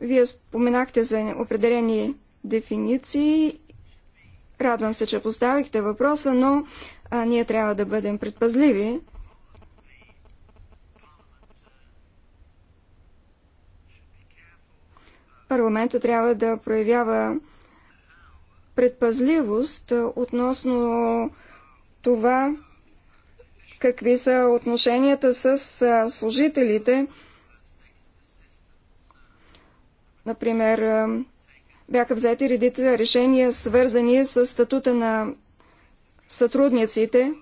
вие споменахте за определени дефиниции. Радвам се, че поставихте въпроса, но а, ние трябва да бъдем предпазливи. Парламента трябва да проявява предпазливост относно това какви са отношенията с служителите. Например, бяха взети редица решения, свързани с статута на сътрудниците.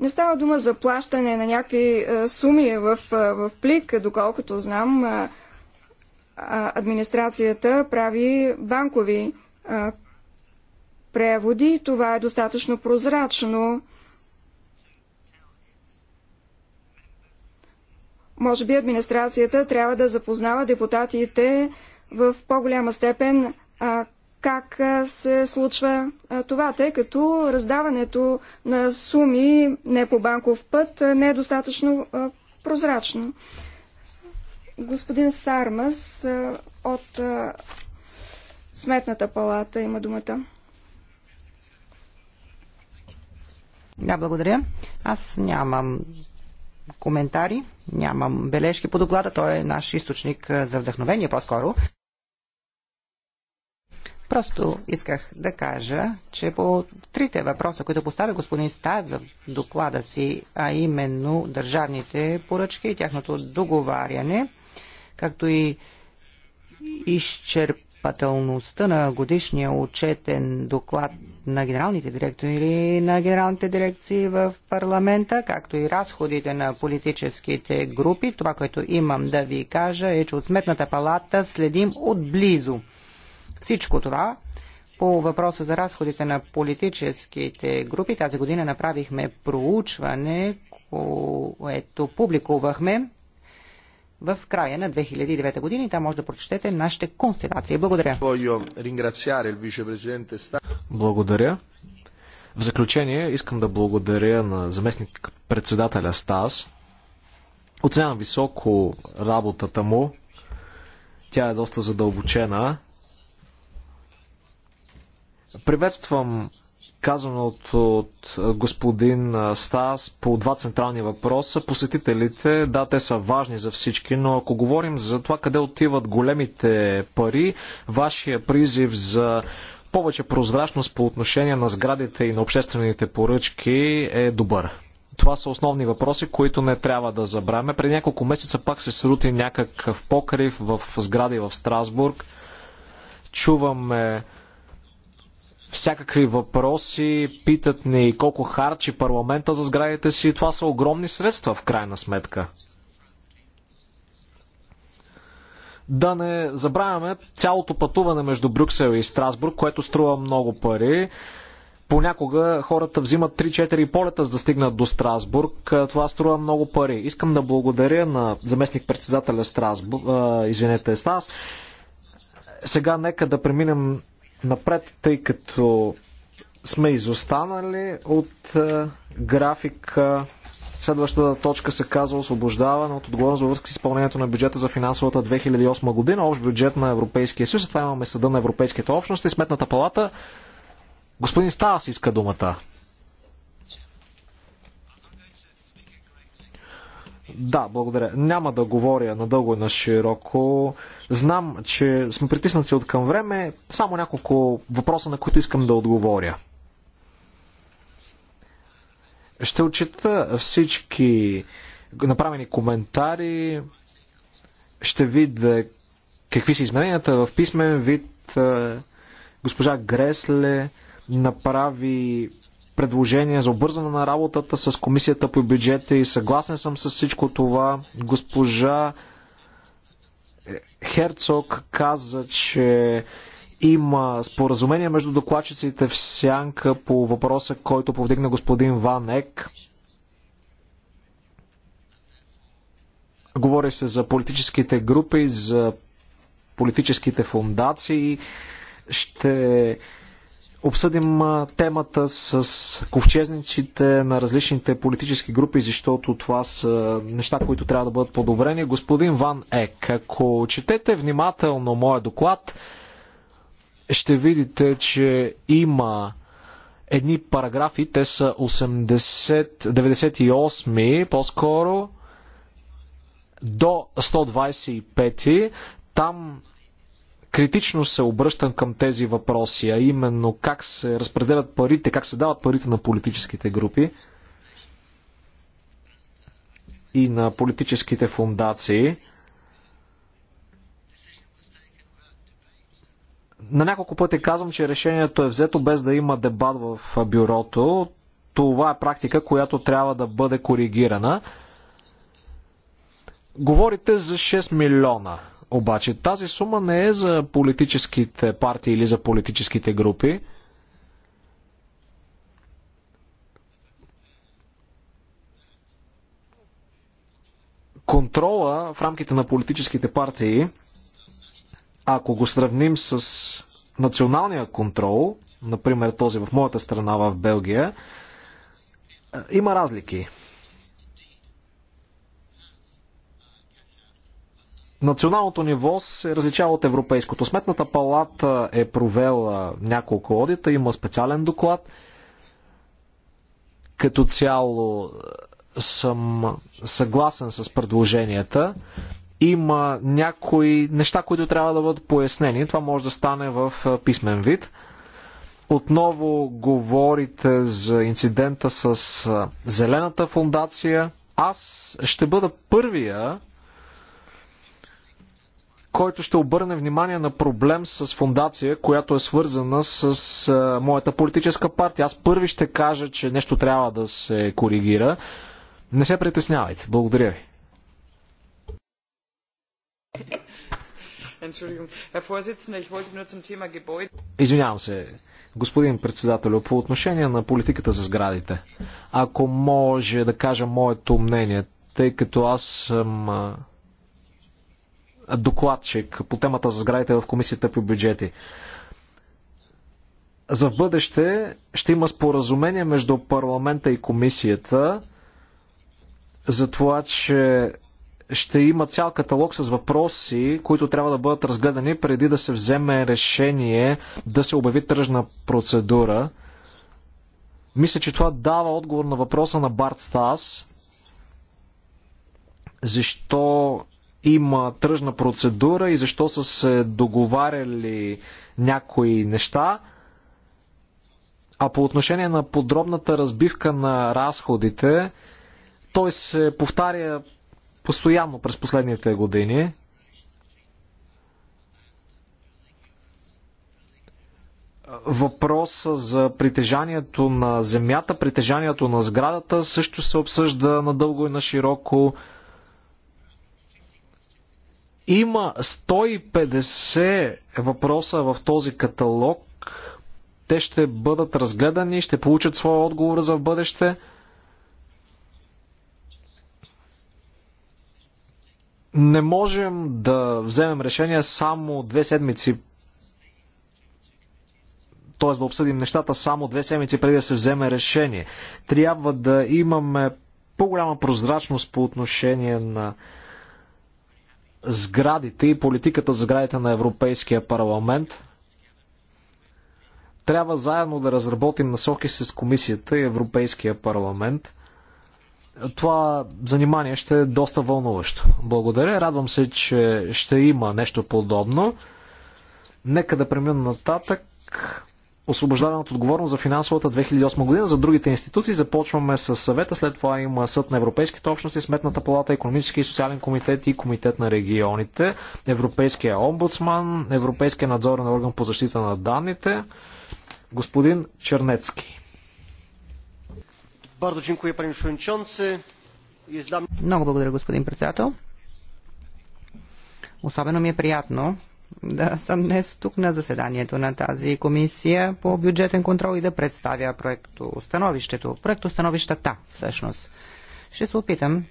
Не става дума за плащане на някакви е, суми в, е, в плик, доколкото знам, е, администрацията прави банкови преводи. Това е достатъчно прозрачно. Може би администрацията трябва да запознава депутатите в по-голяма степен а, как се случва това, тъй като раздаването на суми не по банков път не е достатъчно прозрачно. Господин Сармас от Сметната палата има думата. Да, благодаря. Аз нямам коментари, нямам бележки по доклада. Той е наш източник за вдъхновение по-скоро. Просто исках да кажа, че по трите въпроса, които поставя господин Стаз в доклада си, а именно държавните поръчки и тяхното договаряне, както и изчерпателността на годишния отчетен доклад на генералните директори или на генералните дирекции в парламента, както и разходите на политическите групи. Това, което имам да ви кажа е, че от Сметната палата следим отблизо всичко това по въпроса за разходите на политическите групи тази година направихме проучване, което публикувахме в края на 2009 година и там може да прочетете нашите констатации. Благодаря. Благодаря. В заключение искам да благодаря на заместник председателя Стас. Оценявам високо работата му. Тя е доста задълбочена. Приветствам казаното от господин Стас по два централни въпроса. Посетителите, да, те са важни за всички, но ако говорим за това къде отиват големите пари, вашия призив за повече прозрачност по отношение на сградите и на обществените поръчки е добър. Това са основни въпроси, които не трябва да забравяме. Преди няколко месеца пак се срути някакъв покрив в сгради в Страсбург. Чуваме всякакви въпроси, питат ни колко харчи парламента за сградите си. Това са огромни средства в крайна сметка. Да не забравяме цялото пътуване между Брюксел и Страсбург, което струва много пари. Понякога хората взимат 3-4 полета, за да стигнат до Страсбург. Това струва много пари. Искам да благодаря на заместник председателя Страсбург, извинете, Стас. Сега нека да преминем напред, тъй като сме изостанали от е, графика. Следващата точка се казва освобождаване от отговорност във връзка с изпълнението на бюджета за финансовата 2008 година, общ бюджет на Европейския съюз. Това имаме съда на Европейските общности, и Сметната палата. Господин Стас иска думата. Да, благодаря. Няма да говоря надълго и на широко. Знам, че сме притиснати от към време. Само няколко въпроса, на които искам да отговоря. Ще отчита всички направени коментари. Ще видя какви са измененията в писмен вид. Е, госпожа Гресле направи предложение за обързане на работата с комисията по бюджета и съгласен съм с всичко това. Госпожа Херцог каза, че има споразумение между докладчиците в сянка по въпроса, който повдигна господин Ван Ек. Говори се за политическите групи, за политическите фундации. Ще обсъдим темата с ковчезниците на различните политически групи, защото това са неща, които трябва да бъдат подобрени. Господин Ван Ек, ако четете внимателно моя доклад, ще видите, че има едни параграфи, те са 80, 98 по-скоро до 125. Там критично се обръщам към тези въпроси, а именно как се разпределят парите, как се дават парите на политическите групи и на политическите фундации. На няколко пъти казвам, че решението е взето без да има дебат в бюрото. Това е практика, която трябва да бъде коригирана. Говорите за 6 милиона обаче. Тази сума не е за политическите партии или за политическите групи. Контрола в рамките на политическите партии, ако го сравним с националния контрол, например този в моята страна в Белгия, е, има разлики. Националното ниво се различава от европейското. Сметната палата е провела няколко одита, има специален доклад. Като цяло е, съм съгласен с предложенията. Има някои неща, които трябва да бъдат пояснени. Това може да стане в е, писмен вид. Отново говорите за инцидента с е, Зелената фундация. Аз ще бъда първия, който ще обърне внимание на проблем с фундация, която е свързана с а, моята политическа партия. Аз първи ще кажа, че нещо трябва да се коригира. Не се притеснявайте. Благодаря ви. Извинявам се, господин председател, по отношение на политиката за сградите. Ако може да кажа моето мнение, тъй като аз съм докладчик по темата за сградите в Комисията по бюджети. За в бъдеще ще има споразумение между парламента и комисията за това, че ще има цял каталог с въпроси, които трябва да бъдат разгледани преди да се вземе решение да се обяви тръжна процедура. Мисля, че това дава отговор на въпроса на Барт Стас. Защо има тръжна процедура и защо са се договаряли някои неща. А по отношение на подробната разбивка на разходите, той се повтаря постоянно през последните години. Въпроса за притежанието на земята, притежанието на сградата също се обсъжда надълго и на широко. Има 150 въпроса в този каталог. Те ще бъдат разгледани, ще получат своя отговор за бъдеще. Не можем да вземем решение само две седмици т.е. да обсъдим нещата само две седмици преди да се вземе решение. Трябва да имаме по-голяма прозрачност по отношение на сградите и политиката за сградите на Европейския парламент. Трябва заедно да разработим насоки с Комисията и Европейския парламент. Това занимание ще е доста вълнуващо. Благодаря. Радвам се, че ще има нещо подобно. Нека да премина нататък освобождаване от отговорност за финансовата 2008 година. За другите институции започваме с съвета, след това има съд на Европейските общности, Сметната палата, Економически и социален комитет и Комитет на регионите, Европейския омбудсман, Европейския надзорен орган по защита на данните, господин Чернецки. Много благодаря, господин председател. Особено ми е приятно да съм днес тук на заседанието на тази комисия по бюджетен контрол и да представя проекто установищата, всъщност. Ще се опитам.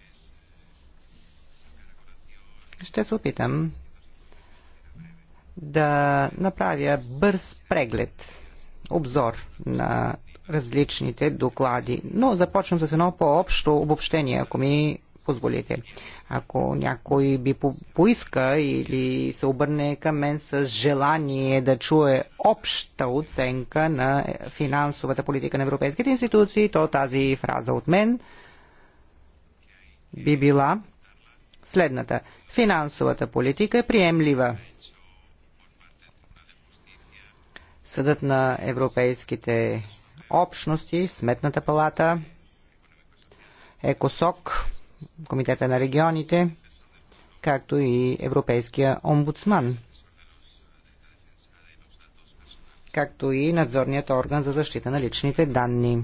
Ще се опитам да направя бърз преглед, обзор на различните доклади. Но започвам с едно по-общо обобщение, ако ми позволите. Ако някой би по поиска или се обърне към мен с желание да чуе обща оценка на финансовата политика на европейските институции, то тази фраза от мен би била следната. Финансовата политика е приемлива. Съдът на европейските общности, Сметната палата, ЕКОСОК Комитета на регионите, както и Европейския омбудсман, както и надзорният орган за защита на личните данни.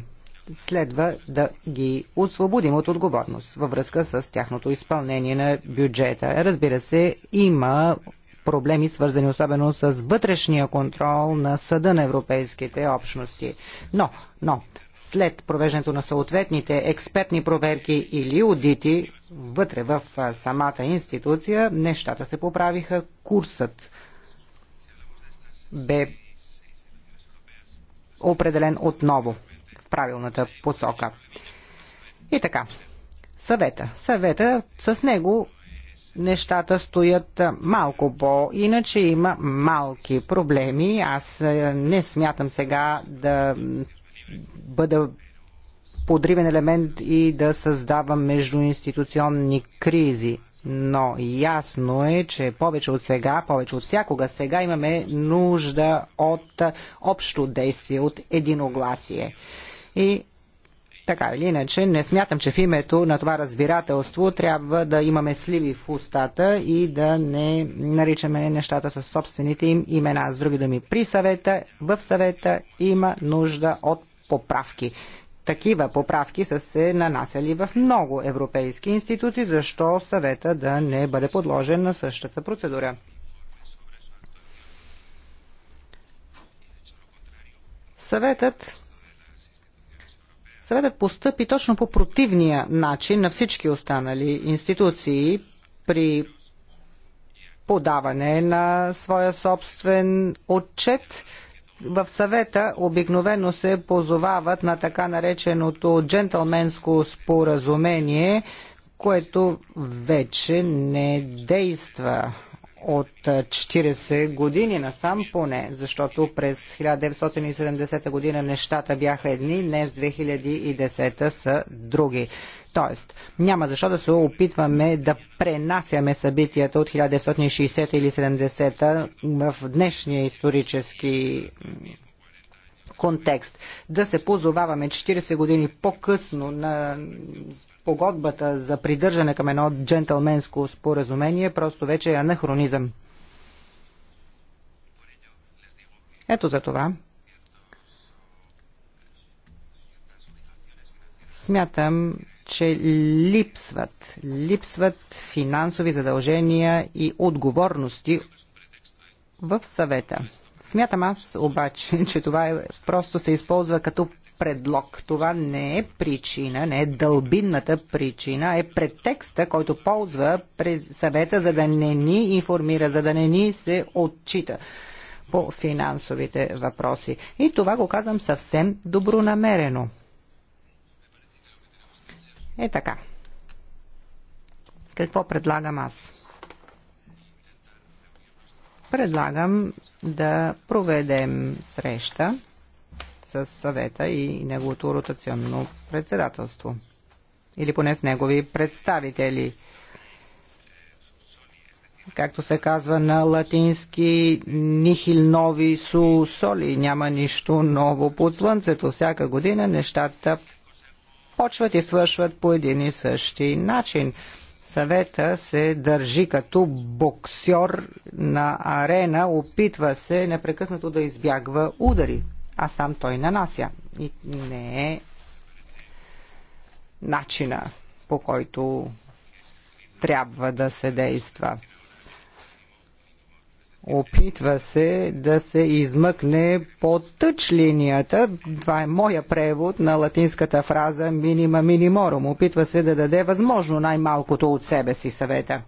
Следва да ги освободим от отговорност във връзка с тяхното изпълнение на бюджета. Разбира се, има проблеми, свързани особено с вътрешния контрол на Съда на европейските общности. Но, но, след провеждането на съответните експертни проверки или аудити вътре в самата институция, нещата се поправиха, курсът бе определен отново в правилната посока. И така, съвета. Съвета с него нещата стоят малко по, иначе има малки проблеми. Аз не смятам сега да бъда подривен елемент и да създавам междуинституционни кризи. Но ясно е, че повече от сега, повече от всякога сега имаме нужда от общо действие, от единогласие. И така или иначе, не смятам, че в името на това разбирателство трябва да имаме сливи в устата и да не наричаме нещата със собствените им имена. С други думи, при съвета, в съвета има нужда от поправки. Такива поправки са се нанасяли в много европейски институции, защо съвета да не бъде подложен на същата процедура. Съветът Съветът постъпи точно по противния начин на всички останали институции при подаване на своя собствен отчет в съвета обикновено се позовават на така нареченото джентълменско споразумение, което вече не действа от 40 години насам поне, защото през 1970 година нещата бяха едни, днес 2010 са други. Тоест, няма защо да се опитваме да пренасяме събитията от 1960 или 70 в днешния исторически контекст. Да се позоваваме 40 години по-късно на погодбата за придържане към едно джентълменско споразумение, просто вече е анахронизъм. Ето за това. Смятам, че липсват, липсват финансови задължения и отговорности в съвета. Смятам аз обаче, че това е, просто се използва като предлог. Това не е причина, не е дълбинната причина, е претекста, който ползва през съвета, за да не ни информира, за да не ни се отчита по финансовите въпроси. И това го казвам съвсем добронамерено. Е така. Какво предлагам аз? предлагам да проведем среща с съвета и неговото ротационно председателство. Или поне с негови представители. Както се казва на латински, нихил нови су соли, няма нищо ново под слънцето. Всяка година нещата почват и свършват по един и същи начин съвета се държи като боксьор на арена, опитва се непрекъснато да избягва удари, а сам той нанася. И не е начина по който трябва да се действа. Опитва се да се измъкне по тъч линията. Това е моя превод на латинската фраза минима миниморум. Опитва се да даде възможно най-малкото от себе си съвета.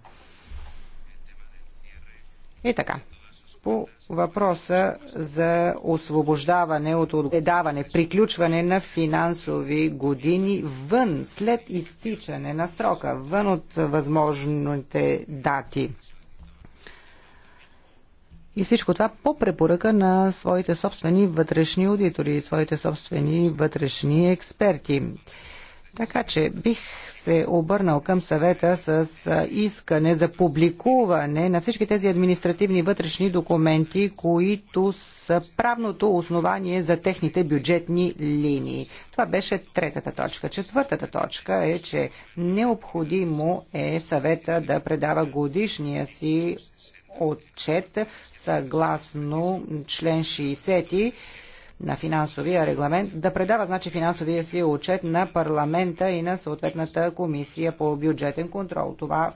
И така. По въпроса за освобождаване от отдаване, приключване на финансови години вън, след изтичане на срока, вън от възможните дати. И всичко това по препоръка на своите собствени вътрешни аудитори, своите собствени вътрешни експерти. Така че бих се обърнал към съвета с искане за публикуване на всички тези административни вътрешни документи, които са правното основание за техните бюджетни линии. Това беше третата точка. Четвъртата точка е, че необходимо е съвета да предава годишния си отчет съгласно член 60 на финансовия регламент, да предава значи финансовия си отчет на парламента и на съответната комисия по бюджетен контрол. Това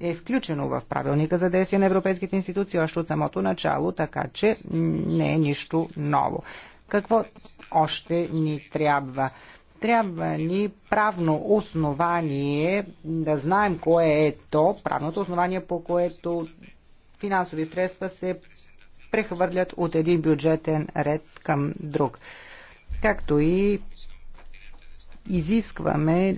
е включено в правилника за действие на европейските институции още от самото начало, така че не е нищо ново. Какво още ни трябва? Трябва ни правно основание, да знаем кое е то, правното основание, по което финансови средства се прехвърлят от един бюджетен ред към друг. Както и изискваме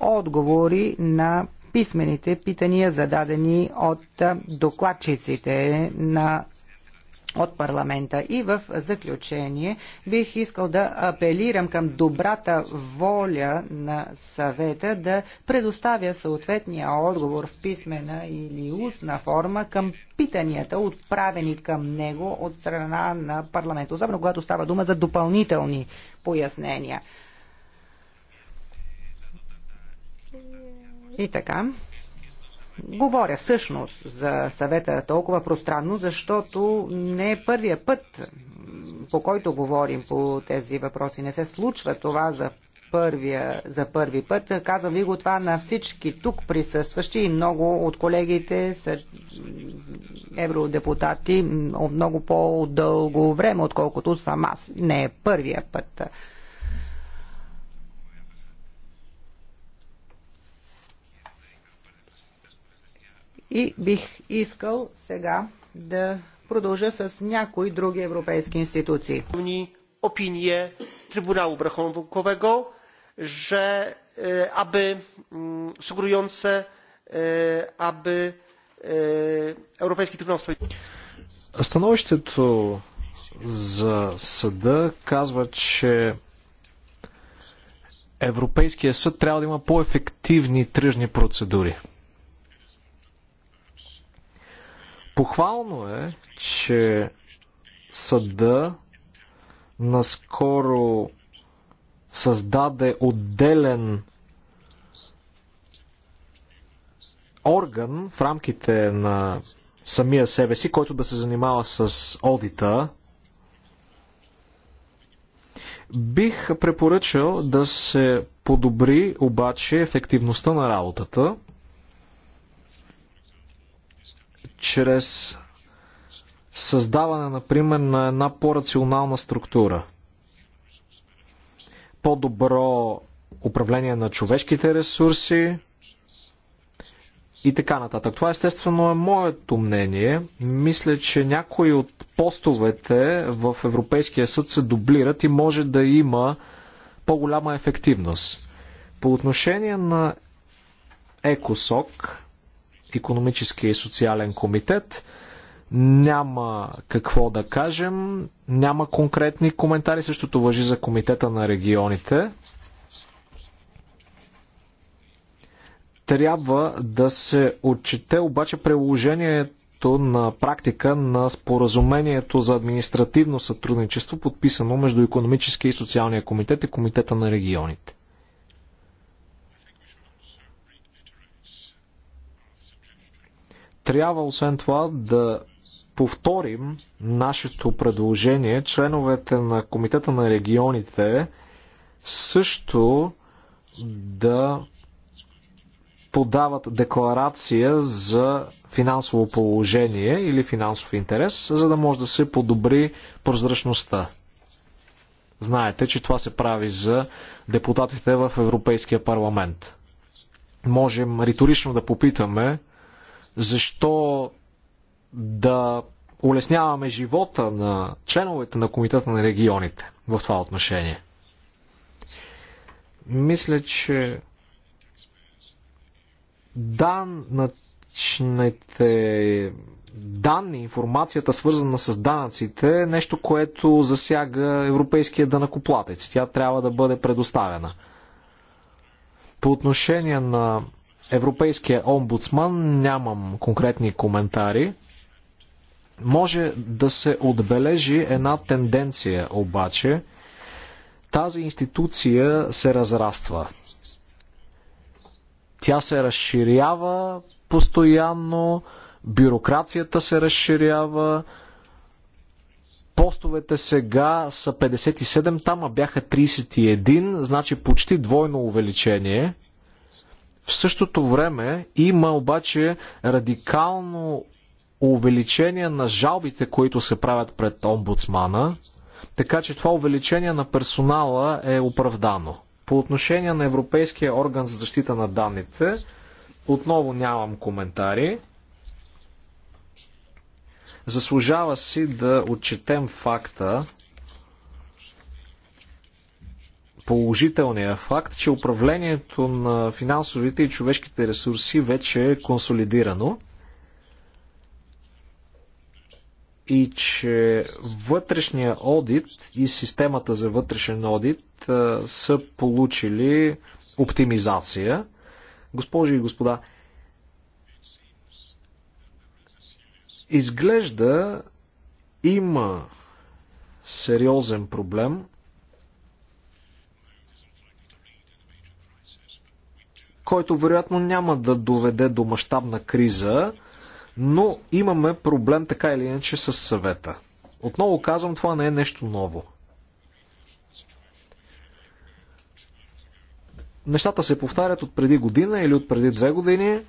отговори на писмените питания, зададени от докладчиците на от парламента. И в заключение бих искал да апелирам към добрата воля на съвета да предоставя съответния отговор в писмена или устна форма към питанията, отправени към него от страна на парламента, особено когато става дума за допълнителни пояснения. И така. Говоря всъщност за съвета толкова пространно, защото не е първия път, по който говорим по тези въпроси. Не се случва това за първия, за първи път. Казвам ви го това на всички тук присъстващи и много от колегите са евродепутати много по-дълго време, отколкото сам аз. Не е първия път. И бих искал сега да продължа с някои други европейски институции. Opinie Trybunału Obrachunkowego, че е, аби sugerujące, е, аби е, Европейски трибунал Становището за съда казва, че Европейския съд трябва да има по-ефективни тръжни процедури. Похвално е, че съда наскоро създаде отделен орган в рамките на самия себе си, който да се занимава с одита. Бих препоръчал да се подобри обаче ефективността на работата чрез създаване, например, на една по-рационална структура. По-добро управление на човешките ресурси и така нататък. Това естествено е моето мнение. Мисля, че някои от постовете в Европейския съд се дублират и може да има по-голяма ефективност. По отношение на ЕКОСОК, економическия и социален комитет. Няма какво да кажем, няма конкретни коментари, същото въжи за комитета на регионите. Трябва да се отчете обаче приложението на практика на споразумението за административно сътрудничество, подписано между Економическия и социалния комитет и Комитета на регионите. трябва освен това да повторим нашето предложение. Членовете на Комитета на регионите също да подават декларация за финансово положение или финансов интерес, за да може да се подобри прозрачността. Знаете, че това се прави за депутатите в Европейския парламент. Можем риторично да попитаме защо да улесняваме живота на членовете на Комитета на регионите в това отношение? Мисля, че данъчните данни, информацията свързана с данъците е нещо, което засяга европейския данъкоплатец. Тя трябва да бъде предоставена. По отношение на Европейския омбудсман нямам конкретни коментари. Може да се отбележи една тенденция обаче. Тази институция се разраства. Тя се разширява постоянно, бюрокрацията се разширява, постовете сега са 57, там бяха 31, значи почти двойно увеличение – в същото време има обаче радикално увеличение на жалбите, които се правят пред омбудсмана, така че това увеличение на персонала е оправдано. По отношение на Европейския орган за защита на данните, отново нямам коментари. Заслужава си да отчетем факта, положителния факт, че управлението на финансовите и човешките ресурси вече е консолидирано и че вътрешния одит и системата за вътрешен одит са получили оптимизация. Госпожи и господа, изглежда има сериозен проблем – който вероятно няма да доведе до мащабна криза, но имаме проблем така или иначе с съвета. Отново казвам, това не е нещо ново. Нещата се повтарят от преди година или от преди две години.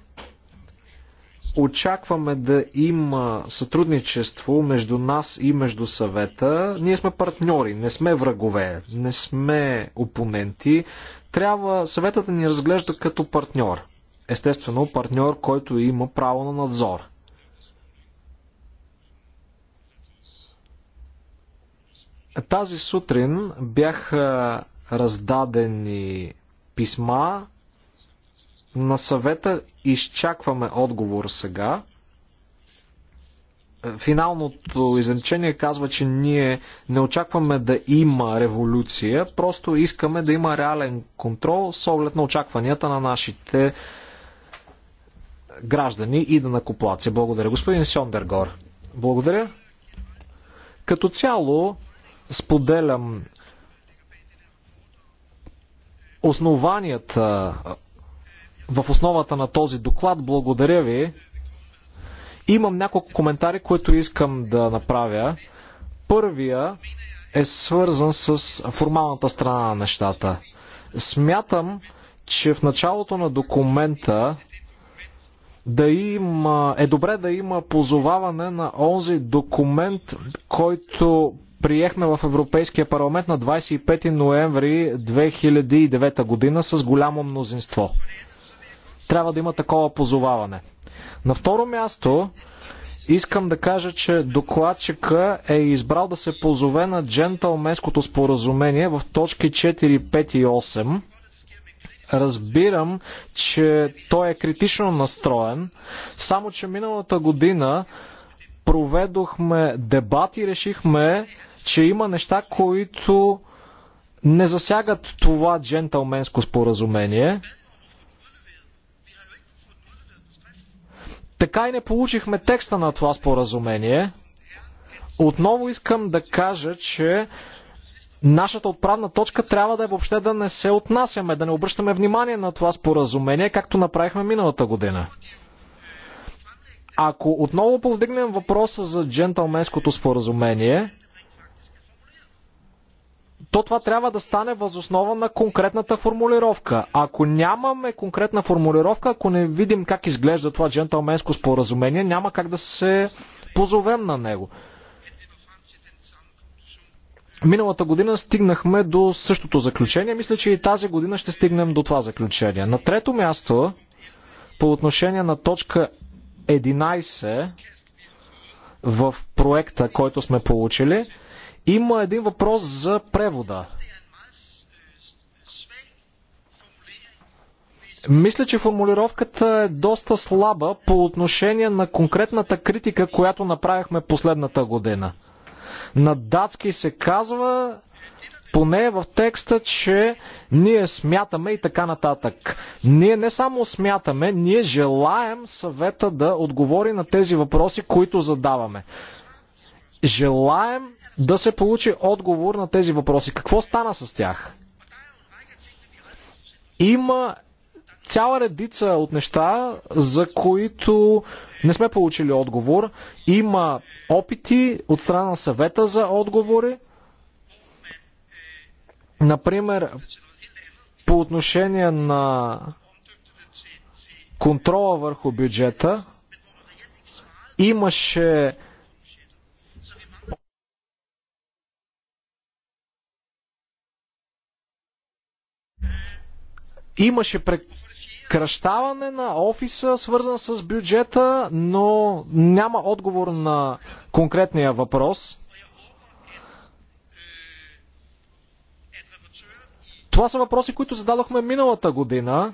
Очакваме да има сътрудничество между нас и между съвета. Ние сме партньори, не сме врагове, не сме опоненти трябва съветът да ни разглежда като партньор. Естествено, партньор, който има право на надзор. Тази сутрин бяха раздадени писма на съвета. Изчакваме отговор сега финалното изречение казва, че ние не очакваме да има революция, просто искаме да има реален контрол с оглед на очакванията на нашите граждани и да накоплаци. Благодаря. Господин Сьондергор, благодаря. Като цяло споделям основанията в основата на този доклад. Благодаря ви. Имам няколко коментари, които искам да направя. Първия е свързан с формалната страна на нещата. Смятам, че в началото на документа да има, е добре да има позоваване на онзи документ, който приехме в Европейския парламент на 25 ноември 2009 година с голямо мнозинство. Трябва да има такова позоваване. На второ място, искам да кажа, че докладчика е избрал да се позове на джентълменското споразумение в точки 4, 5 и 8. Разбирам, че той е критично настроен, само че миналата година проведохме дебат и решихме, че има неща, които не засягат това джентълменско споразумение – Така и не получихме текста на това споразумение. Отново искам да кажа, че нашата отправна точка трябва да е въобще да не се отнасяме, да не обръщаме внимание на това споразумение, както направихме миналата година. Ако отново повдигнем въпроса за джентълменското споразумение, то това трябва да стане възоснова на конкретната формулировка. Ако нямаме конкретна формулировка, ако не видим как изглежда това джентълменско споразумение, няма как да се позовем на него. Миналата година стигнахме до същото заключение. Мисля, че и тази година ще стигнем до това заключение. На трето място, по отношение на точка 11 в проекта, който сме получили, има един въпрос за превода. Мисля, че формулировката е доста слаба по отношение на конкретната критика, която направихме последната година. На датски се казва, поне в текста, че ние смятаме и така нататък. Ние не само смятаме, ние желаем съвета да отговори на тези въпроси, които задаваме. Желаем да се получи отговор на тези въпроси. Какво стана с тях? Има цяла редица от неща, за които не сме получили отговор. Има опити от страна на съвета за отговори. Например, по отношение на контрола върху бюджета, имаше Имаше прекращаване на офиса, свързан с бюджета, но няма отговор на конкретния въпрос. Това са въпроси, които зададохме миналата година.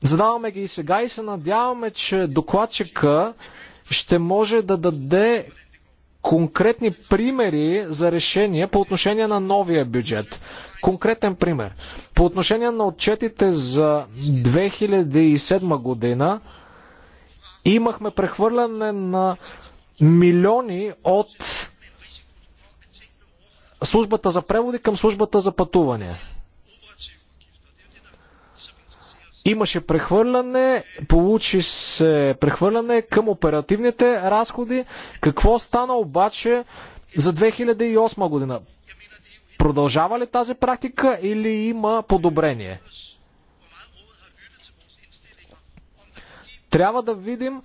Задаваме ги и сега и се надяваме, че докладчика ще може да даде конкретни примери за решения по отношение на новия бюджет. Конкретен пример. По отношение на отчетите за 2007 година имахме прехвърляне на милиони от службата за преводи към службата за пътувания. Имаше прехвърляне, получи се прехвърляне към оперативните разходи. Какво стана обаче за 2008 година? Продължава ли тази практика или има подобрение? Трябва да видим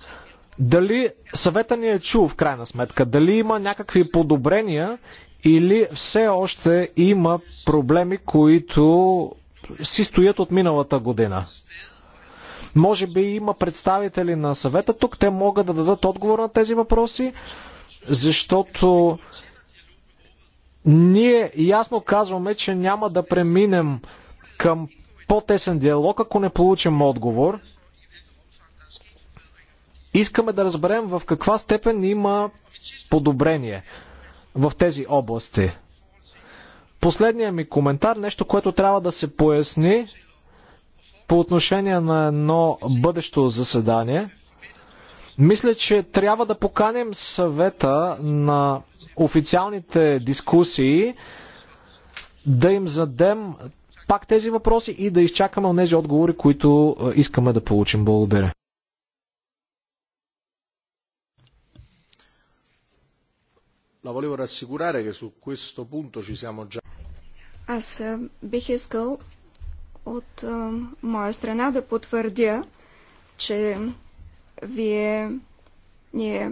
дали съвета ни е чул в крайна сметка, дали има някакви подобрения или все още има проблеми, които си стоят от миналата година. Може би има представители на съвета тук, те могат да дадат отговор на тези въпроси, защото ние ясно казваме, че няма да преминем към по-тесен диалог, ако не получим отговор. Искаме да разберем в каква степен има подобрение в тези области. Последният ми коментар, нещо, което трябва да се поясни, по отношение на едно бъдещо заседание. Мисля, че трябва да поканем съвета на официалните дискусии, да им задем пак тези въпроси и да изчакаме тези отговори, които е, искаме да получим. Благодаря. Аз е, бих искал от а, моя страна да потвърдя, че вие, ние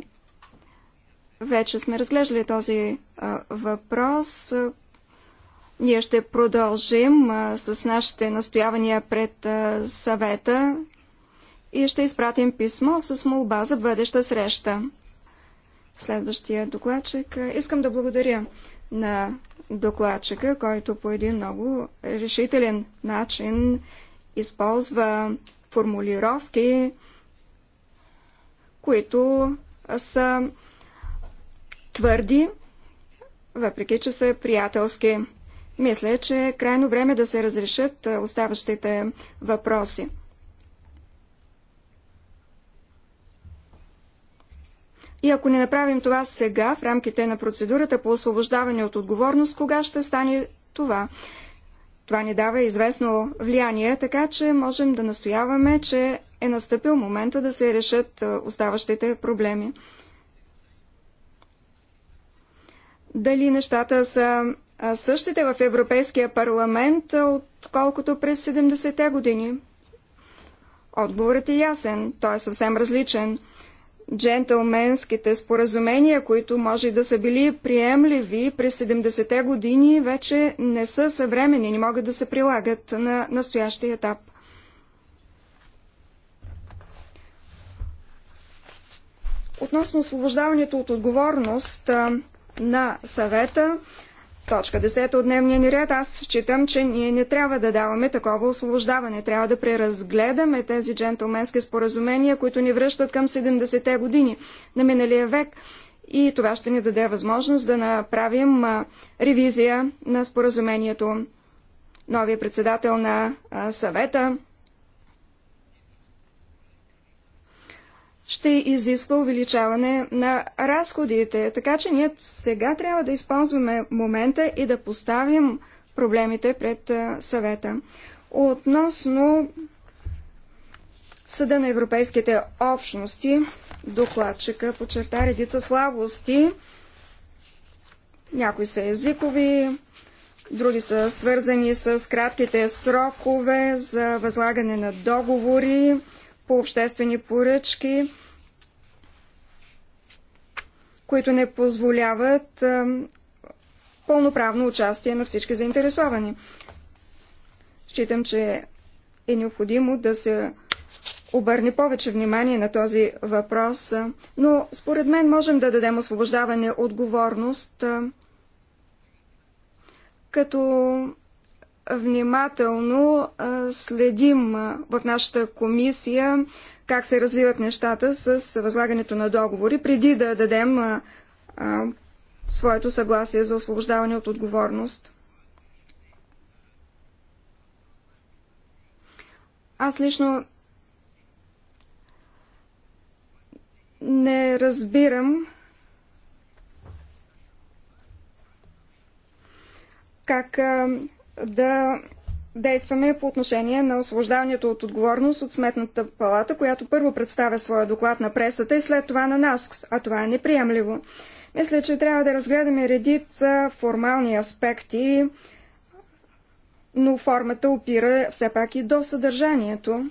вече сме разглеждали този а, въпрос. Ние ще продължим а, с нашите настоявания пред а, съвета и ще изпратим писмо с молба за бъдеща среща. Следващия докладчик. Искам да благодаря на докладчика, който по един много решителен начин използва формулировки, които са твърди, въпреки че са приятелски. Мисля, че е крайно време да се разрешат оставащите въпроси. И ако не направим това сега, в рамките на процедурата по освобождаване от отговорност, кога ще стане това? Това ни дава известно влияние, така че можем да настояваме, че е настъпил момента да се решат е, оставащите проблеми. Дали нещата са същите в Европейския парламент, е, отколкото през 70-те години? Отговорът е ясен, той е съвсем различен – джентълменските споразумения, които може да са били приемливи през 70-те години, вече не са съвремени, не могат да се прилагат на настоящия етап. Относно освобождаването от отговорност на съвета, Точка 10 от дневния ни ред. Аз считам, че ние не трябва да даваме такова освобождаване. Трябва да преразгледаме тези джентлменски споразумения, които ни връщат към 70-те години на миналия век. И това ще ни даде възможност да направим ревизия на споразумението. Новия председател на съвета ще изисква увеличаване на разходите. Така че ние сега трябва да използваме момента и да поставим проблемите пред съвета. Относно Съда на европейските общности, докладчика подчерта редица слабости. Някои са езикови, други са свързани с кратките срокове за възлагане на договори по обществени поръчки, които не позволяват пълноправно участие на всички заинтересовани. Считам, че е необходимо да се обърне повече внимание на този въпрос, но според мен можем да дадем освобождаване отговорност, като внимателно следим в нашата комисия как се развиват нещата с възлагането на договори, преди да дадем своето съгласие за освобождаване от отговорност. Аз лично не разбирам как да действаме по отношение на освобождаването от отговорност от Сметната палата, която първо представя своя доклад на пресата и след това на нас, а това е неприемливо. Мисля, че трябва да разгледаме редица формални аспекти, но формата опира все пак и до съдържанието.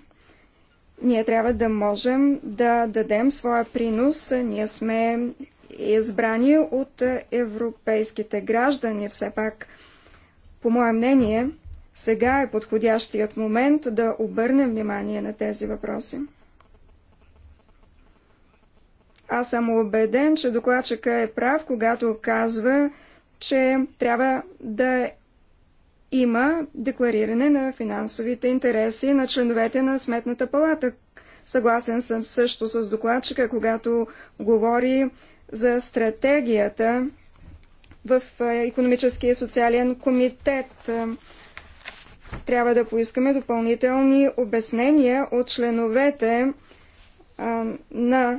Ние трябва да можем да дадем своя принос. Ние сме избрани от европейските граждани все пак – по мое мнение, сега е подходящият момент да обърнем внимание на тези въпроси. Аз съм убеден, че докладчика е прав, когато казва, че трябва да има деклариране на финансовите интереси на членовете на Сметната палата. Съгласен съм също с докладчика, когато говори за стратегията в економическия и социален комитет. Трябва да поискаме допълнителни обяснения от членовете на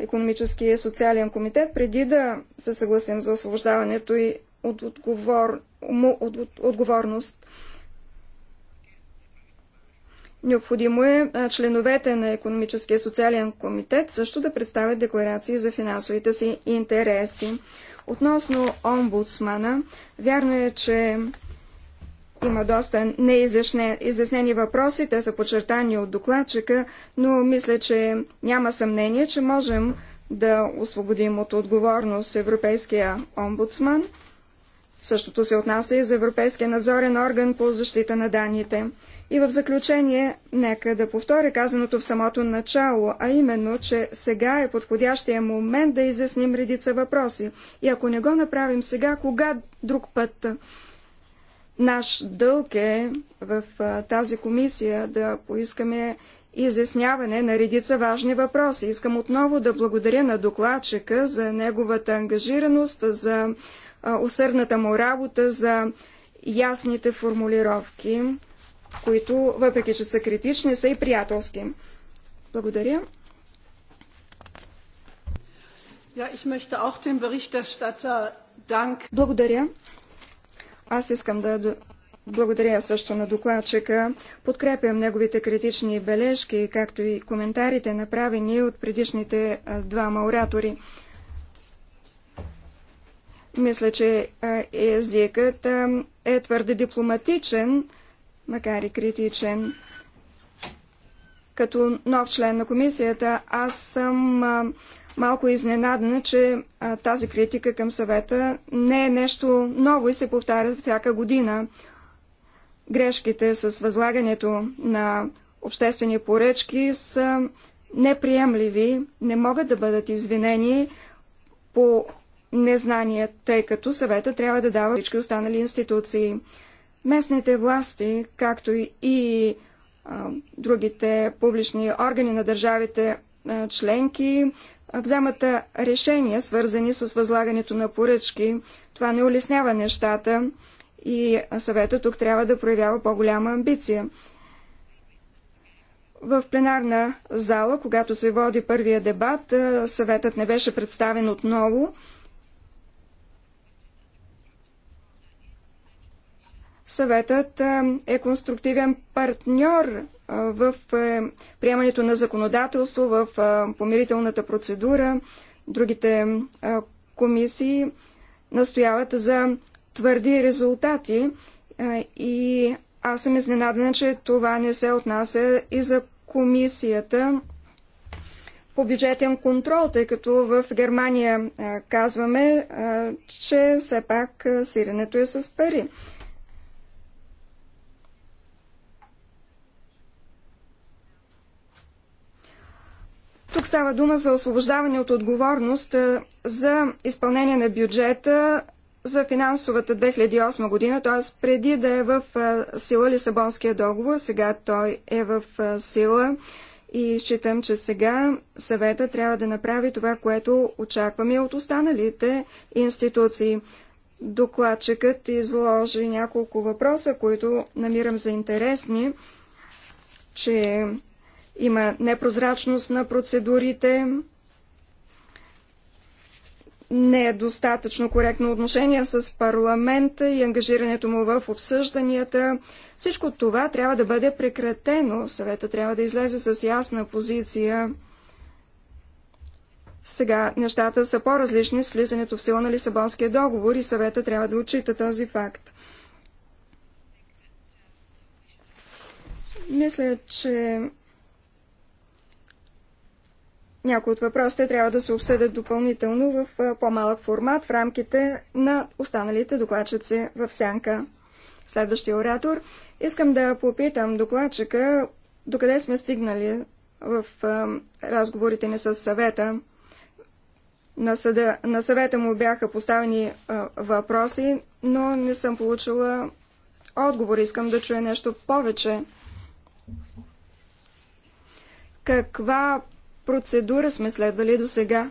економическия и социален комитет, преди да се съгласим за освобождаването и от, отговор, му, от, от отговорност. Необходимо е членовете на Економическия и социален комитет също да представят декларации за финансовите си интереси. Относно омбудсмана, вярно е, че има доста неизяснени въпроси, те са подчертани от докладчика, но мисля, че няма съмнение, че можем да освободим от отговорност Европейския омбудсман. Същото се отнася и за Европейския надзорен орган по защита на данните. И в заключение, нека да повторя казаното в самото начало, а именно, че сега е подходящия момент да изясним редица въпроси. И ако не го направим сега, кога друг път? Наш дълг е в тази комисия да поискаме изясняване на редица важни въпроси. Искам отново да благодаря на докладчика за неговата ангажираност, за усърдната му работа, за ясните формулировки които, въпреки че са критични, са и приятелски. Благодаря. Благодаря. Аз искам да благодаря също на докладчика. Подкрепям неговите критични бележки, както и коментарите, направени от предишните двама оратори. Мисля, че езикът е твърде дипломатичен макар и критичен. Като нов член на комисията, аз съм малко изненадана, че тази критика към съвета не е нещо ново и се повтаря всяка година. Грешките с възлагането на обществени поръчки са неприемливи, не могат да бъдат извинени по незнание, тъй като съвета трябва да дава всички останали институции. Местните власти, както и другите публични органи на държавите членки, вземат решения, свързани с възлагането на поръчки. Това не улеснява нещата и съвета тук трябва да проявява по-голяма амбиция. В пленарна зала, когато се води първия дебат, съветът не беше представен отново. Съветът е, е конструктивен партньор е, в е, приемането на законодателство, в помирителната процедура. Другите комисии настояват за твърди резултати и аз съм изненадана, че това не се отнася и за комисията по бюджетен контрол, тъй като в Германия казваме, че все пак сиренето е с пари. Тук става дума за освобождаване от отговорност за изпълнение на бюджета за финансовата 2008 година, т.е. преди да е в сила Лисабонския договор, сега той е в сила и считам, че сега съвета трябва да направи това, което очакваме от останалите институции. Докладчикът изложи няколко въпроса, които намирам за интересни, че има непрозрачност на процедурите, не е достатъчно коректно отношение с парламента и ангажирането му в обсъжданията. Всичко това трябва да бъде прекратено. Съвета трябва да излезе с ясна позиция. Сега нещата са по-различни с влизането в сила на Лисабонския договор и съвета трябва да отчита този факт. Мисля, че някои от въпросите трябва да се обсъдят допълнително в по-малък формат в рамките на останалите докладчици в сянка. Следващия оратор. Искам да попитам докладчика докъде сме стигнали в разговорите ни с съвета. На, съда, на съвета му бяха поставени а, въпроси, но не съм получила отговор. Искам да чуя нещо повече. Каква процедура сме следвали до сега.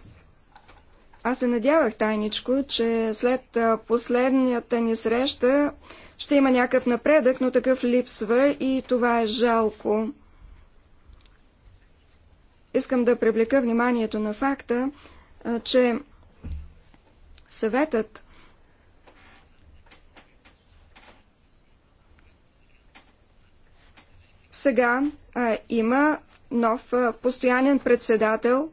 Аз се надявах тайничко, че след последнията ни среща ще има някакъв напредък, но такъв липсва и това е жалко. Искам да привлека вниманието на факта, че съветът сега а, има нов постоянен председател.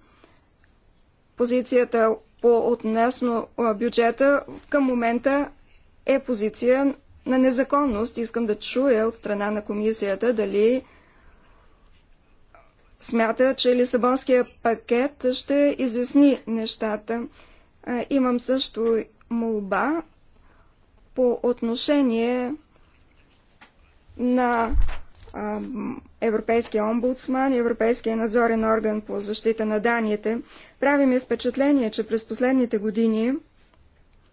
Позицията по относно бюджета към момента е позиция на незаконност. Искам да чуя от страна на комисията дали смята, че Лисабонския пакет ще изясни нещата. Имам също молба по отношение на Европейския омбудсман и Европейския надзорен орган по защита на данните. Прави ми впечатление, че през последните години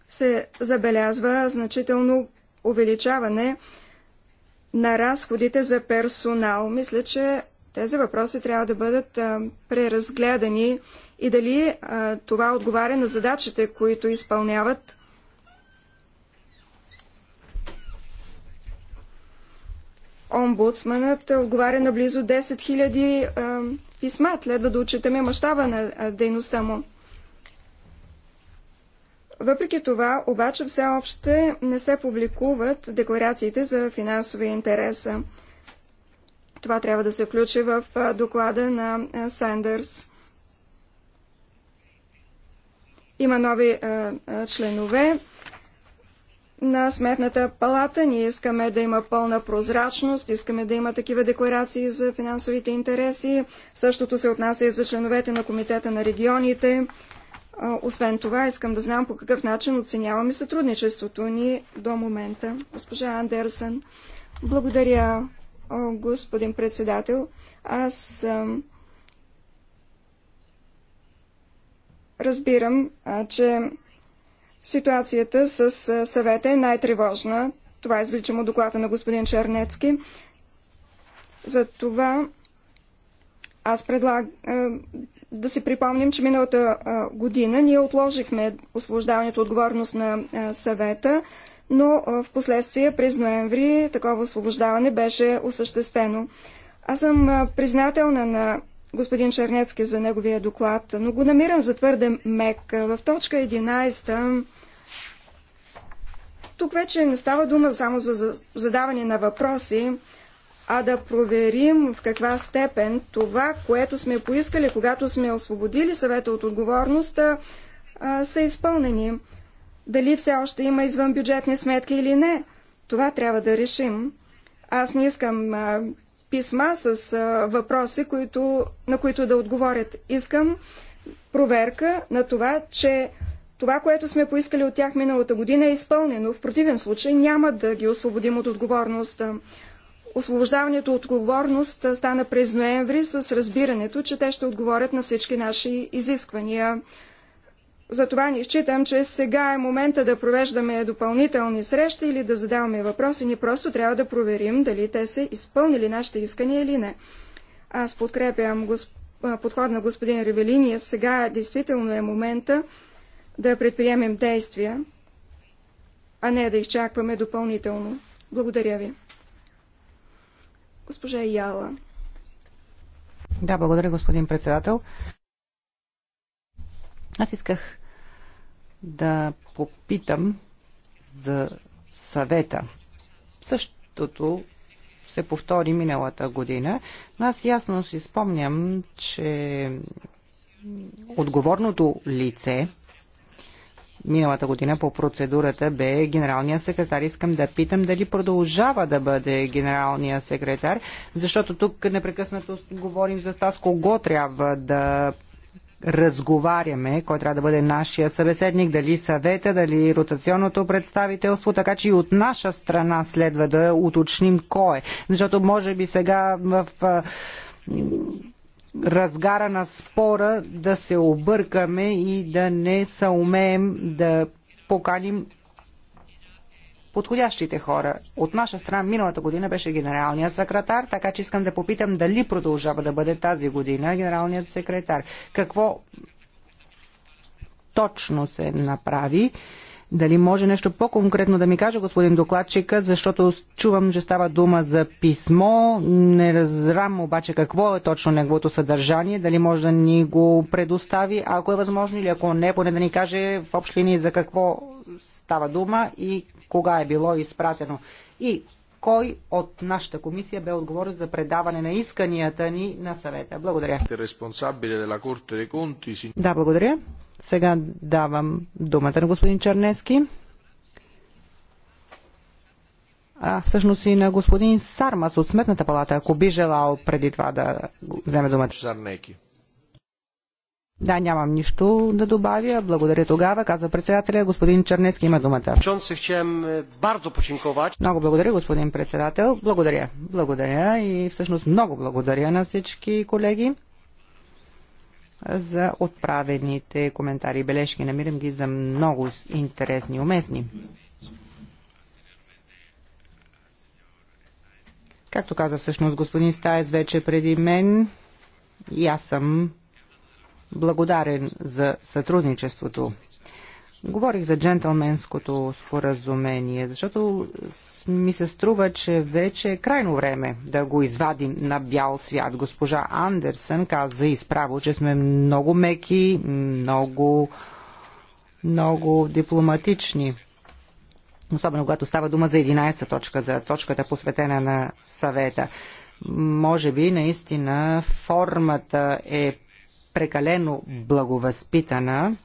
се забелязва значително увеличаване на разходите за персонал. Мисля, че тези въпроси трябва да бъдат а, преразгледани и дали а, това отговаря на задачите, които изпълняват омбудсманът отговаря на близо 10 000 писма. Следва да отчитаме мащаба на дейността му. Въпреки това, обаче, все още не се публикуват декларациите за финансови интереса. Това трябва да се включи в доклада на Сандърс. Има нови членове на Сметната палата. Ние искаме да има пълна прозрачност, искаме да има такива декларации за финансовите интереси. Същото се отнася и за членовете на Комитета на регионите. Освен това, искам да знам по какъв начин оценяваме сътрудничеството ни до момента. Госпожа Андерсън, благодаря, господин председател. Аз разбирам, че Ситуацията с съвета е най-тревожна. Това извличам от доклада на господин Чернецки. Затова аз предлагам да си припомним, че миналата година ние отложихме освобождаването отговорност на съвета, но в последствие през ноември такова освобождаване беше осъществено. Аз съм признателна на господин Чернецки за неговия доклад, но го намирам за твърде мек. В точка 11 тук вече не става дума само за задаване на въпроси, а да проверим в каква степен това, което сме поискали, когато сме освободили съвета от отговорността, са изпълнени. Дали все още има извънбюджетни сметки или не, това трябва да решим. Аз не искам писма с въпроси, които, на които да отговорят. Искам проверка на това, че това, което сме поискали от тях миналата година е изпълнено. В противен случай няма да ги освободим от отговорност. Освобождаването от отговорност стана през ноември с разбирането, че те ще отговорят на всички наши изисквания. Затова не считам, че сега е момента да провеждаме допълнителни срещи или да задаваме въпроси. Ние просто трябва да проверим дали те са изпълнили нашите искания или не. Аз подкрепям подход на господин Ревелиния. Сега действително е момента да предприемем действия, а не да изчакваме допълнително. Благодаря ви. Госпожа Яла. Да, благодаря, господин председател. Аз исках да попитам за съвета. Същото се повтори миналата година, но аз ясно си спомням, че отговорното лице миналата година по процедурата бе генералния секретар. Искам да питам дали продължава да бъде генералния секретар, защото тук непрекъснато говорим за това с кого трябва да разговаряме, кой трябва да бъде нашия събеседник, дали съвета, дали ротационното представителство, така че и от наша страна следва да уточним кой е. Защото може би сега в разгара на спора да се объркаме и да не съумеем да поканим подходящите хора. От наша страна миналата година беше генералният секретар, така че искам да попитам дали продължава да бъде тази година генералният секретар. Какво точно се направи? Дали може нещо по-конкретно да ми каже господин докладчика, защото чувам, че става дума за писмо, не разрам обаче какво е точно неговото съдържание, дали може да ни го предостави, ако е възможно или ако не, поне да ни каже в общи линии за какво става дума и кога е било изпратено и кой от нашата комисия бе отговорен за предаване на исканията ни на съвета. Благодаря. Да, благодаря. Сега давам думата на господин Чернески. А, всъщност и на господин Сармас от Сметната палата, ако би желал преди това да вземе думата. Чернеки. Да, нямам нищо да добавя. Благодаря тогава, каза председателя. Господин Чернецки има думата. Е, много благодаря, господин председател. Благодаря. Благодаря и всъщност много благодаря на всички колеги за отправените коментари и бележки. Намирам ги за много интересни и уместни. Както каза всъщност господин Стаес вече преди мен, и аз съм благодарен за сътрудничеството. Говорих за джентълменското споразумение, защото ми се струва, че вече е крайно време да го извадим на бял свят. Госпожа Андерсън каза изправо, че сме много меки, много, много дипломатични. Особено когато става дума за 11 точка за точката посветена на съвета. Може би наистина формата е прекалено благовъзпитана,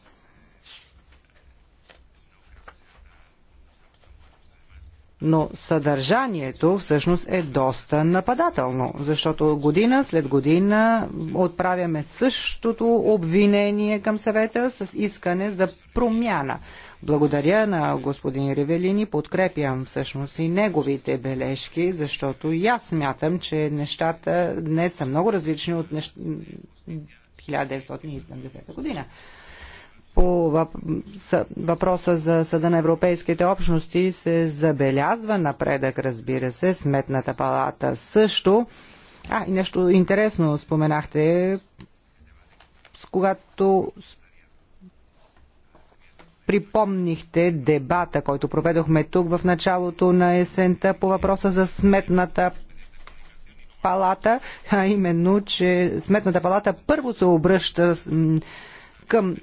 но съдържанието всъщност е доста нападателно, защото година след година отправяме същото обвинение към съвета с искане за промяна. Благодаря на господин Ревелини, подкрепям всъщност и неговите бележки, защото и аз смятам, че нещата днес са много различни от нещ... 1970 година. По въпроса за Съда на Европейските общности се забелязва напредък, разбира се, Сметната палата също. А, и нещо интересно споменахте, с когато припомнихте дебата, който проведохме тук в началото на есента по въпроса за сметната палата, а именно, че Сметната палата първо се обръща към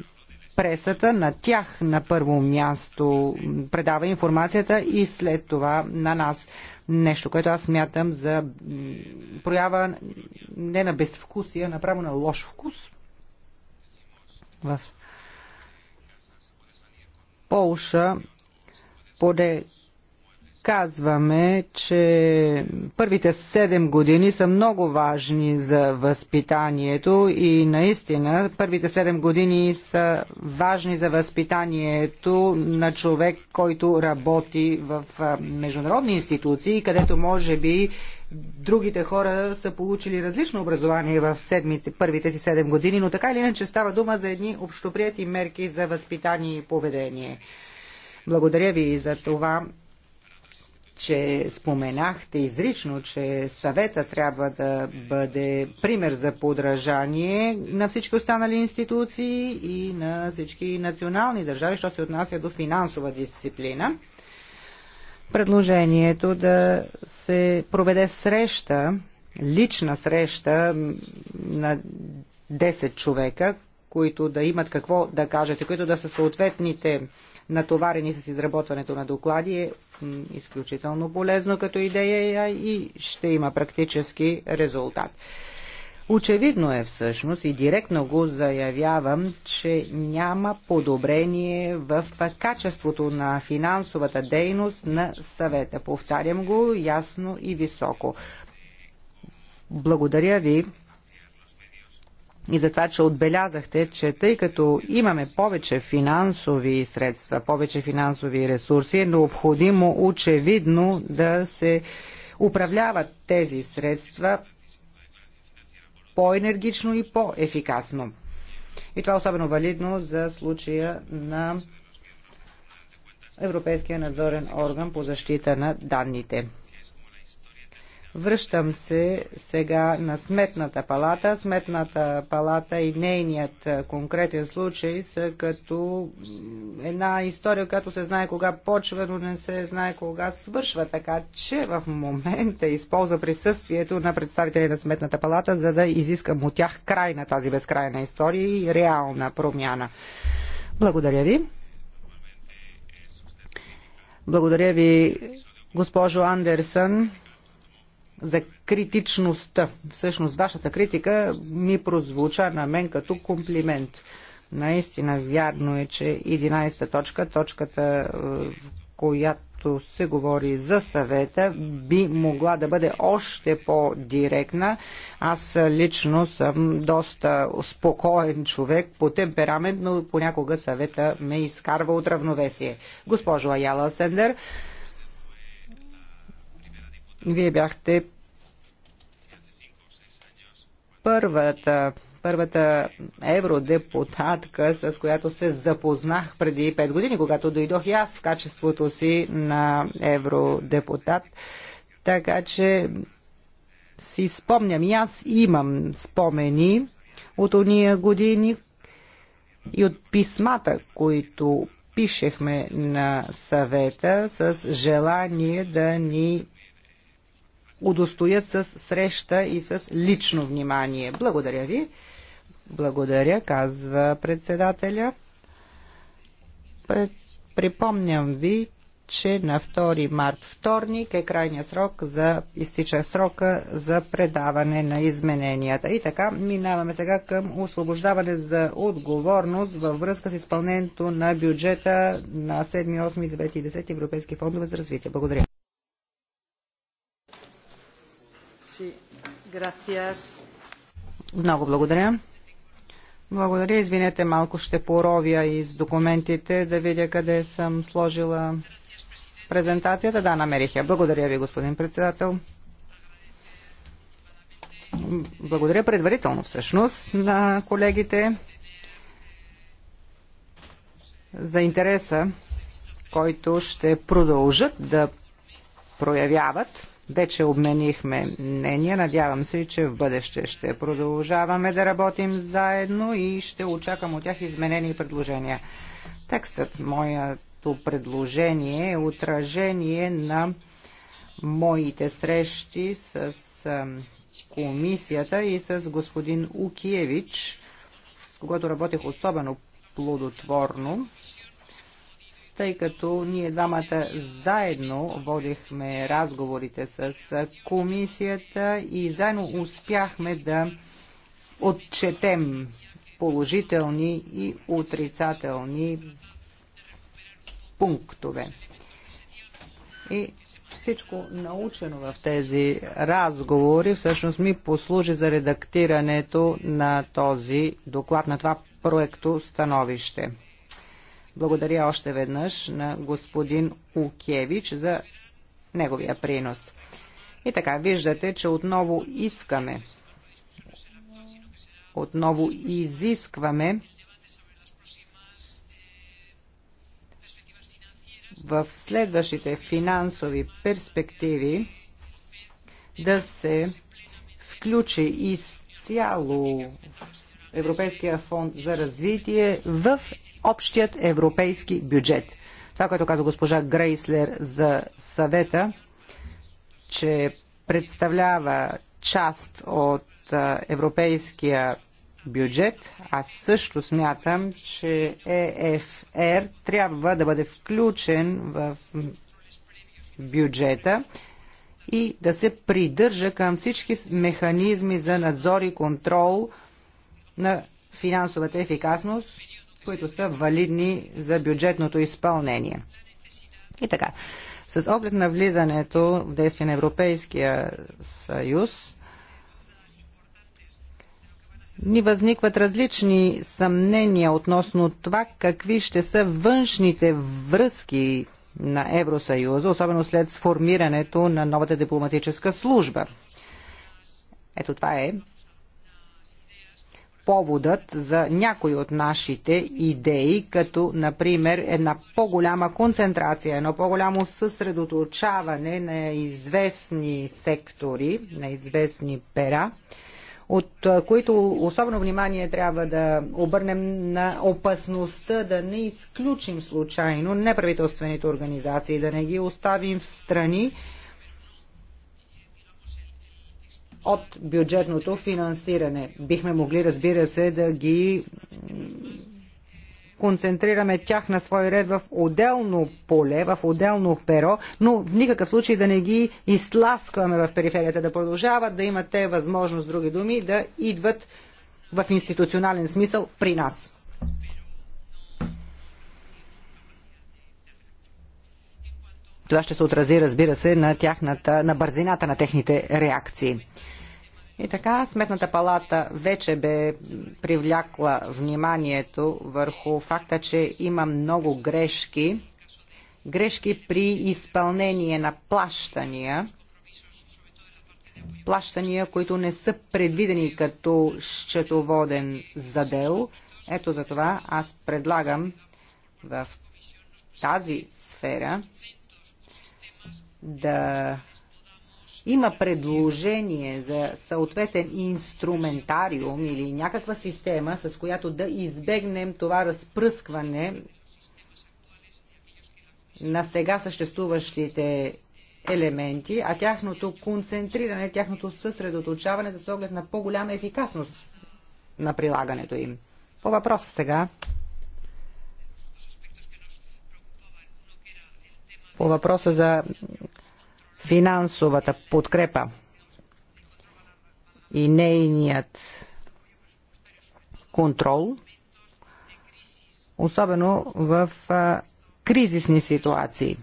пресата, на тях на първо място предава информацията и след това на нас. Нещо, което аз смятам за проява не на безвкусие, а направо на лош вкус. В Полша поде казваме, че първите 7 години са много важни за възпитанието и наистина първите 7 години са важни за възпитанието на човек, който работи в международни институции, където може би другите хора са получили различно образование в седмите, първите си 7 години, но така или иначе става дума за едни общоприяти мерки за възпитание и поведение. Благодаря ви за това че споменахте изрично, че съвета трябва да бъде пример за подражание на всички останали институции и на всички национални държави, що се отнася до финансова дисциплина. Предложението да се проведе среща, лична среща на 10 човека, които да имат какво да кажете, които да са съответните натоварени с изработването на доклади, е изключително полезно като идея и ще има практически резултат. Очевидно е всъщност и директно го заявявам, че няма подобрение в качеството на финансовата дейност на съвета. Повтарям го ясно и високо. Благодаря ви и за това, че отбелязахте, че тъй като имаме повече финансови средства, повече финансови ресурси, е необходимо очевидно да се управляват тези средства по-енергично и по-ефикасно. И това е особено валидно за случая на Европейския надзорен орган по защита на данните. Връщам се сега на Сметната палата. Сметната палата и нейният конкретен случай са като една история, която се знае кога почва, но не се знае кога свършва. Така че в момента използва присъствието на представители на Сметната палата, за да изискам от тях край на тази безкрайна история и реална промяна. Благодаря ви. Благодаря ви, госпожо Андерсън за критичността. Всъщност, вашата критика ми прозвуча на мен като комплимент. Наистина, вярно е, че 11-та точка, точката, е, в която се говори за съвета, би могла да бъде още по-директна. Аз лично съм доста спокоен човек по темперамент, но понякога съвета ме изкарва от равновесие. Госпожо Аяла Сендер, вие бяхте първата, първата евродепутатка, с която се запознах преди 5 години, когато дойдох и аз в качеството си на евродепутат. Така че си спомням и аз имам спомени от ония години и от писмата, които пишехме на съвета с желание да ни удостоят с среща и с лично внимание. Благодаря ви. Благодаря, казва председателя. Пред... Припомням ви, че на 2 март вторник е крайния срок за изтича срока за предаване на измененията. И така, минаваме сега към освобождаване за отговорност във връзка с изпълнението на бюджета на 7, 8, 9 и 10 Европейски фондове за развитие. Благодаря. Много благодаря. Благодаря. Извинете, малко ще поровя и с документите да видя къде съм сложила презентацията. Да, намерих я. Благодаря ви, господин председател. Благодаря предварително всъщност на колегите за интереса, който ще продължат да проявяват вече обменихме мнение. Надявам се, че в бъдеще ще продължаваме да работим заедно и ще очаквам от тях изменени предложения. Текстът, моето предложение е отражение на моите срещи с комисията и с господин Укиевич, с когато работих особено плодотворно тъй като ние двамата заедно водихме разговорите с комисията и заедно успяхме да отчетем положителни и отрицателни пунктове. И всичко научено в тези разговори всъщност ми послужи за редактирането на този доклад, на това проекто становище. Благодаря още веднъж на господин Укевич за неговия принос. И така, виждате, че отново искаме, отново изискваме в следващите финансови перспективи да се включи изцяло Европейския фонд за развитие в общият европейски бюджет. Това, което каза госпожа Грейслер за съвета, че представлява част от европейския бюджет, аз също смятам, че ЕФР трябва да бъде включен в бюджета и да се придържа към всички механизми за надзор и контрол на финансовата ефикасност които са валидни за бюджетното изпълнение. И така, с оглед на влизането в действие на Европейския съюз, ни възникват различни съмнения относно това какви ще са външните връзки на Евросъюза, особено след сформирането на новата дипломатическа служба. Ето това е поводът за някои от нашите идеи, като например една по-голяма концентрация, едно по-голямо съсредоточаване на известни сектори, на известни пера, от които особено внимание трябва да обърнем на опасността да не изключим случайно неправителствените организации, да не ги оставим в страни от бюджетното финансиране. Бихме могли, разбира се, да ги концентрираме тях на свой ред в отделно поле, в отделно перо, но в никакъв случай да не ги изтласкваме в периферията, да продължават да имат те възможност, други думи, да идват в институционален смисъл при нас. Това ще се отрази, разбира се, на, тяхната, на бързината на техните реакции. И така, Сметната палата вече бе привлякла вниманието върху факта, че има много грешки, грешки при изпълнение на плащания, плащания, които не са предвидени като счетоводен задел. Ето за това аз предлагам в тази сфера да има предложение за съответен инструментариум или някаква система, с която да избегнем това разпръскване на сега съществуващите елементи, а тяхното концентриране, тяхното съсредоточаване за оглед на по-голяма ефикасност на прилагането им. По въпроса сега. По въпроса за финансовата подкрепа и нейният контрол, особено в кризисни ситуации.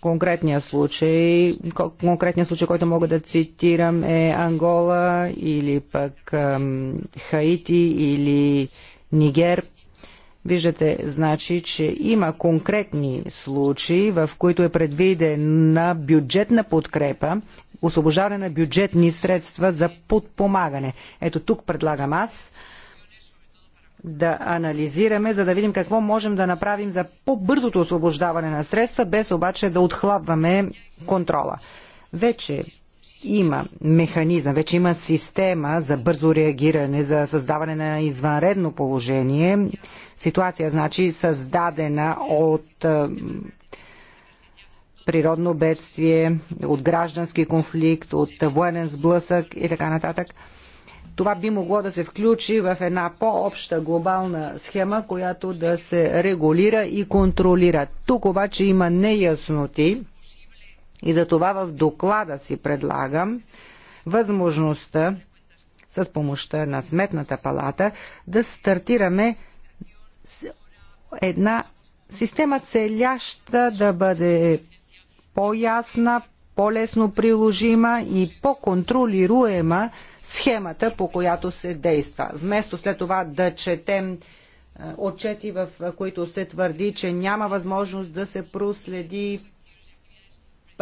Конкретния случай, конкретния случай, който мога да цитирам е Ангола или пък Хаити или Нигер, Виждате, значи, че има конкретни случаи, в които е предвидена бюджетна подкрепа, освобождаване на бюджетни средства за подпомагане. Ето тук предлагам аз да анализираме, за да видим какво можем да направим за по-бързото освобождаване на средства, без обаче да отхлабваме контрола. Вече има механизъм, вече има система за бързо реагиране, за създаване на извънредно положение. Ситуация, значи, създадена от природно бедствие, от граждански конфликт, от военен сблъсък и така нататък. Това би могло да се включи в една по-обща глобална схема, която да се регулира и контролира. Тук обаче има неясноти и за това в доклада си предлагам възможността с помощта на Сметната палата да стартираме една система целяща да бъде по-ясна, по-лесно приложима и по-контролируема схемата, по която се действа. Вместо след това да четем е, отчети, в които се твърди, че няма възможност да се проследи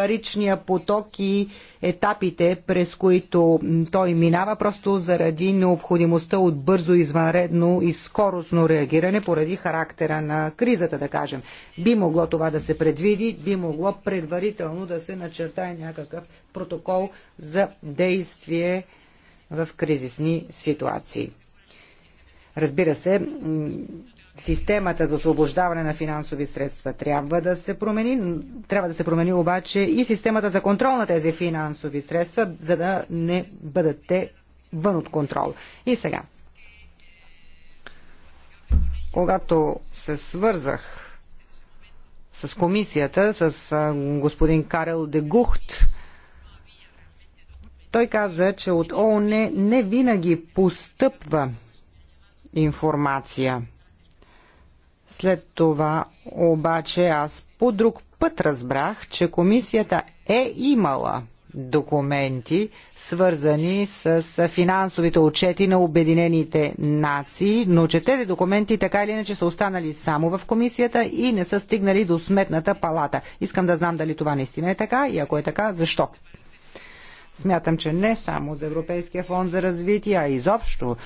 паричния поток и етапите, през които той минава, просто заради необходимостта от бързо, извънредно и скоростно реагиране, поради характера на кризата, да кажем. Би могло това да се предвиди, би могло предварително да се начертае някакъв протокол за действие в кризисни ситуации. Разбира се, Системата за освобождаване на финансови средства трябва да се промени. Трябва да се промени обаче и системата за контрол на тези финансови средства, за да не бъдат те вън от контрол. И сега. Когато се свързах с комисията, с господин Карел Дегухт, той каза, че от ООН не винаги постъпва информация след това обаче аз по друг път разбрах, че комисията е имала документи, свързани с финансовите отчети на Обединените нации, но че тези документи така или иначе са останали само в комисията и не са стигнали до сметната палата. Искам да знам дали това наистина е така и ако е така, защо? Смятам, че не само за Европейския фонд за развитие, а изобщо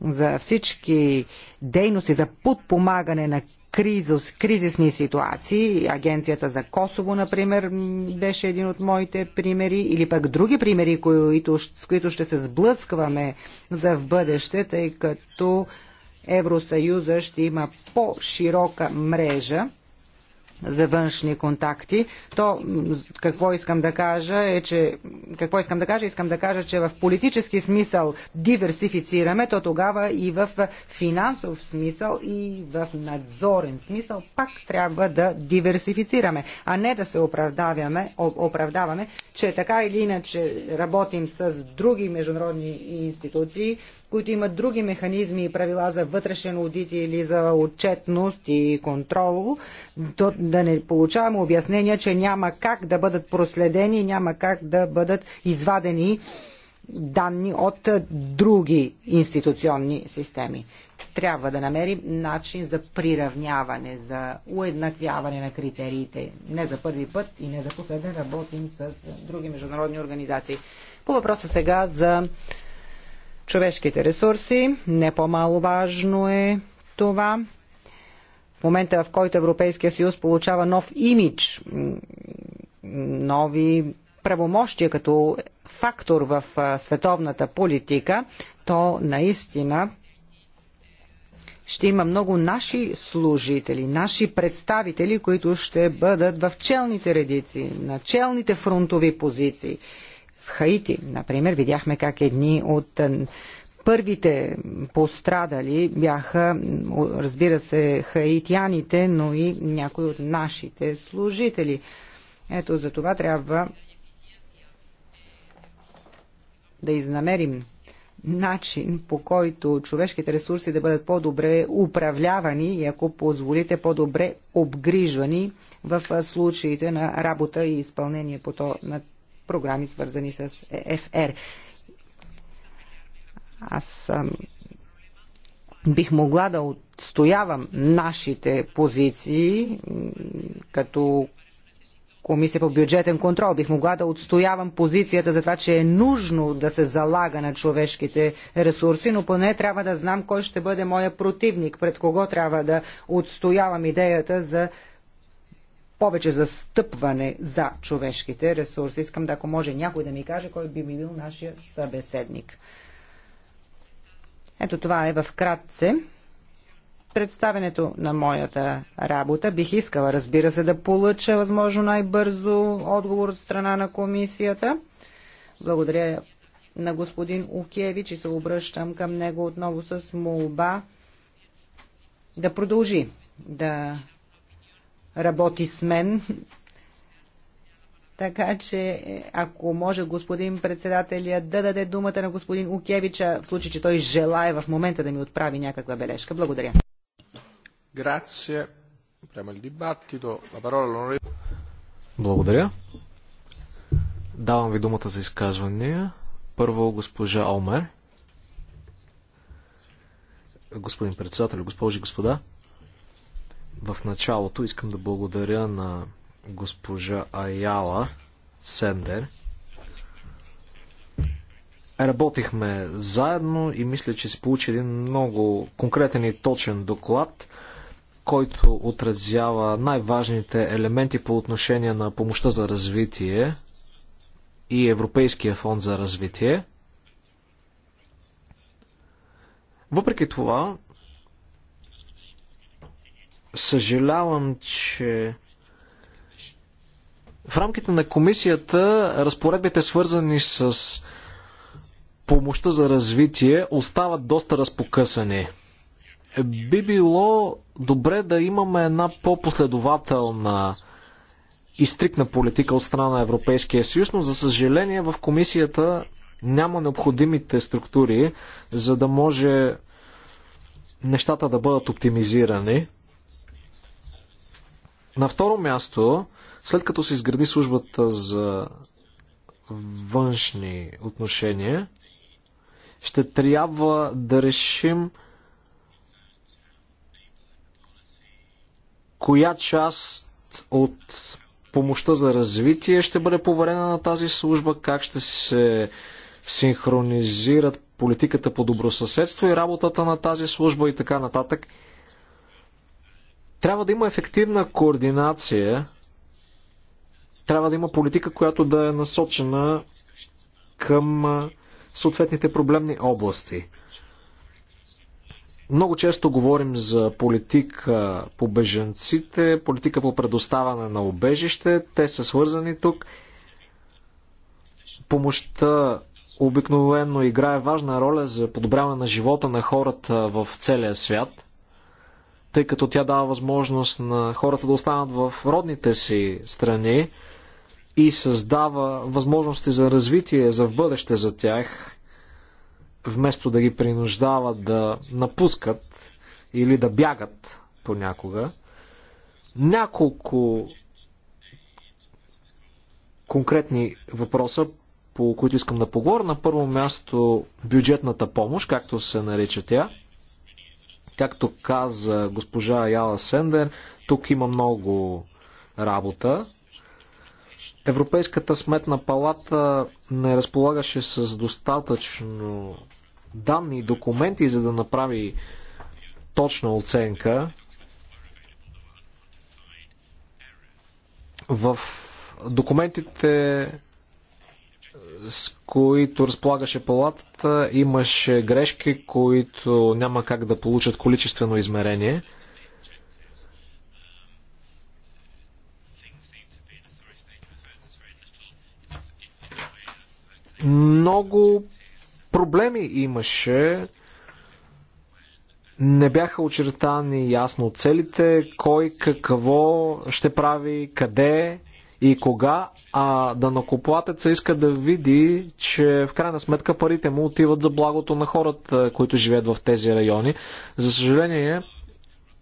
за всички дейности за подпомагане на кризис, кризисни ситуации. Агенцията за Косово, например, беше един от моите примери, или пък други примери, които, с които ще се сблъскваме за в бъдеще, тъй като Евросъюза ще има по-широка мрежа за външни контакти, то какво искам да кажа е, че какво искам да кажа? Искам да кажа, че в политически смисъл диверсифицираме, то тогава и в финансов смисъл и в надзорен смисъл пак трябва да диверсифицираме, а не да се оправдаваме, оправдаваме че така или иначе работим с други международни институции, които имат други механизми и правила за вътрешен аудит или за отчетност и контрол, то да не получаваме обяснения, че няма как да бъдат проследени, няма как да бъдат извадени данни от други институционни системи. Трябва да намерим начин за приравняване, за уеднаквяване на критериите. Не за първи път и не за последен работим с други международни организации. По въпроса сега за човешките ресурси. Не по-мало важно е това. В момента, в който Европейския съюз получава нов имидж, нови правомощия като фактор в световната политика, то наистина ще има много наши служители, наши представители, които ще бъдат в челните редици, на челните фронтови позиции. В Хаити, например, видяхме как едни от е, първите пострадали бяха, разбира се, хаитяните, но и някои от нашите служители. Ето за това трябва да изнамерим начин, по който човешките ресурси да бъдат по-добре управлявани и, ако позволите, по-добре обгрижвани в е, случаите на работа и изпълнение по то, на програми, свързани с ЕФР. Аз бих могла да отстоявам нашите позиции като Комисия по бюджетен контрол. Бих могла да отстоявам позицията за това, че е нужно да се залага на човешките ресурси, но поне трябва да знам кой ще бъде моя противник, пред кого трябва да отстоявам идеята за повече застъпване за човешките ресурси. Искам да, ако може някой да ми каже, кой би бил нашия събеседник. Ето това е в кратце представенето на моята работа. Бих искала, разбира се, да получа възможно най-бързо отговор от страна на комисията. Благодаря на господин Укевич и се обръщам към него отново с молба да продължи да работи с мен. Така че, ако може господин председателя да даде думата на господин Укевича, в случай, че той желая в момента да ми отправи някаква бележка. Благодаря. Благодаря. Давам ви думата за изказвания. Първо госпожа Омер. Господин председател, госпожи и господа. В началото искам да благодаря на госпожа Аяла Сендер. Работихме заедно и мисля, че се получи един много конкретен и точен доклад, който отразява най-важните елементи по отношение на помощта за развитие и Европейския фонд за развитие. Въпреки това, Съжалявам, че в рамките на комисията разпоредбите свързани с помощта за развитие остават доста разпокъсани. Би било добре да имаме една по-последователна и стрикна политика от страна на Европейския съюз, но за съжаление в комисията няма необходимите структури, за да може нещата да бъдат оптимизирани. На второ място, след като се изгради службата за външни отношения, ще трябва да решим коя част от помощта за развитие ще бъде поверена на тази служба, как ще се синхронизират политиката по добросъседство и работата на тази служба и така нататък. Трябва да има ефективна координация, трябва да има политика, която да е насочена към съответните проблемни области. Много често говорим за политика по беженците, политика по предоставане на обежище. Те са свързани тук. Помощта обикновено играе важна роля за подобряване на живота на хората в целия свят тъй като тя дава възможност на хората да останат в родните си страни и създава възможности за развитие за бъдеще за тях, вместо да ги принуждава да напускат или да бягат понякога. Няколко конкретни въпроса, по които искам да поговоря. На първо място бюджетната помощ, както се нарича тя – Както каза госпожа Яла Сендер, тук има много работа. Европейската сметна палата не разполагаше с достатъчно данни и документи, за да направи точна оценка. В документите с които разполагаше палатата, имаше грешки, които няма как да получат количествено измерение. Много проблеми имаше. Не бяха очертани ясно целите, кой какво ще прави, къде и кога, а данокоплатеца иска да види, че в крайна сметка парите му отиват за благото на хората, е, които живеят в тези райони. За съжаление,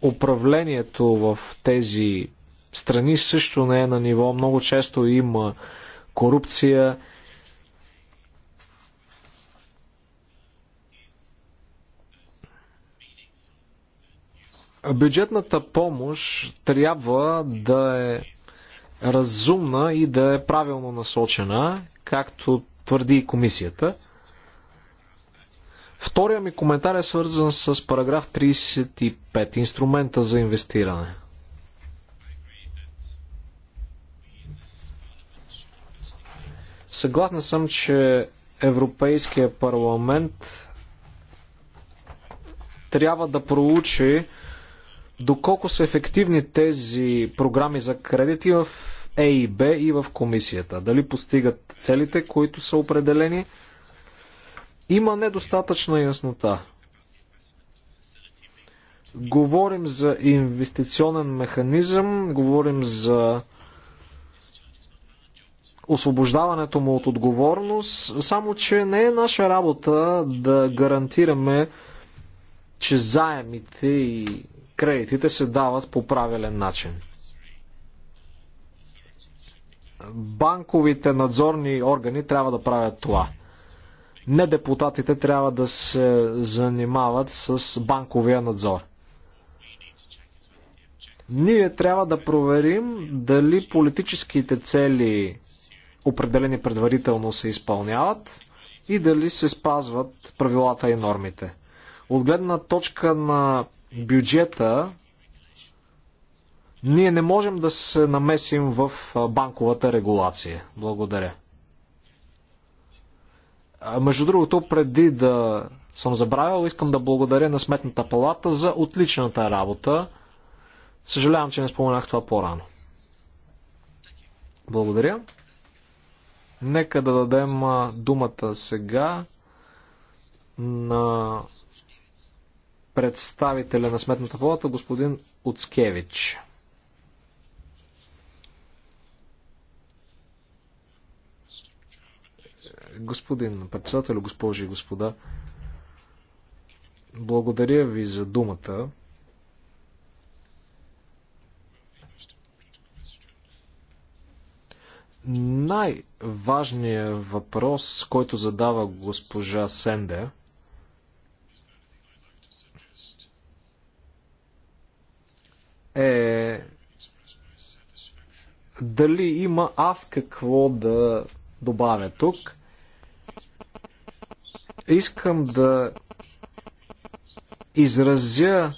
управлението в тези страни също не е на ниво. Много често има корупция. Бюджетната помощ трябва да е разумна и да е правилно насочена, както твърди и комисията. Втория ми коментар е свързан с параграф 35 инструмента за инвестиране. Съгласна съм, че Европейския парламент трябва да проучи доколко са ефективни тези програми за кредити в Е и Б и в комисията? Дали постигат целите, които са определени? Има недостатъчна яснота. Говорим за инвестиционен механизъм, говорим за освобождаването му от отговорност, само че не е наша работа да гарантираме, че заемите и кредитите се дават по правилен начин. Банковите надзорни органи трябва да правят това. Не депутатите трябва да се занимават с банковия надзор. Ние трябва да проверим дали политическите цели, определени предварително, се изпълняват и дали се спазват правилата и нормите. От гледна точка на бюджета, ние не можем да се намесим в банковата регулация. Благодаря. Между другото, преди да съм забравил, искам да благодаря на Сметната палата за отличната работа. Съжалявам, че не споменах това по-рано. Благодаря. Нека да дадем думата сега на представителя на Сметната палата, господин Уцкевич. Господин председател, госпожи и господа, благодаря ви за думата. Най-важният въпрос, който задава госпожа Сенде – е дали има аз какво да добавя тук. Искам да изразя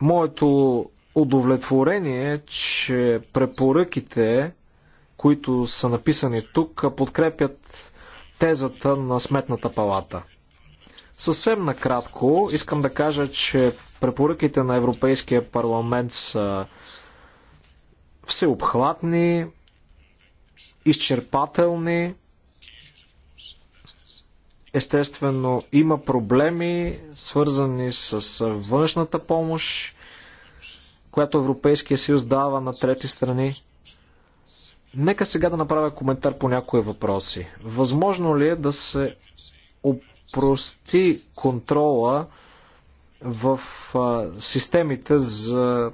моето удовлетворение, че препоръките, които са написани тук, подкрепят тезата на Сметната палата. Съвсем накратко искам да кажа, че препоръките на Европейския парламент са всеобхватни, изчерпателни. Естествено, има проблеми, свързани с външната помощ, която Европейския съюз дава на трети страни. Нека сега да направя коментар по някои въпроси. Възможно ли е да се Прости контрола в системите за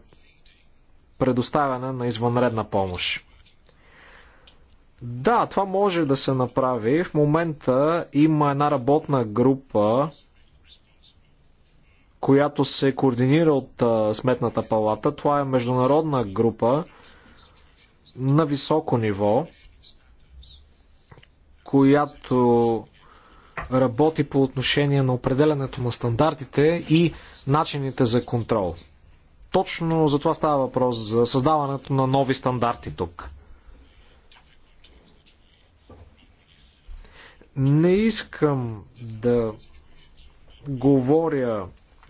предоставяне на извънредна помощ. Да, това може да се направи. В момента има една работна група, която се координира от Сметната палата. Това е международна група на високо ниво, която работи по отношение на определенето на стандартите и начините за контрол. Точно за това става въпрос, за създаването на нови стандарти тук. Не искам да говоря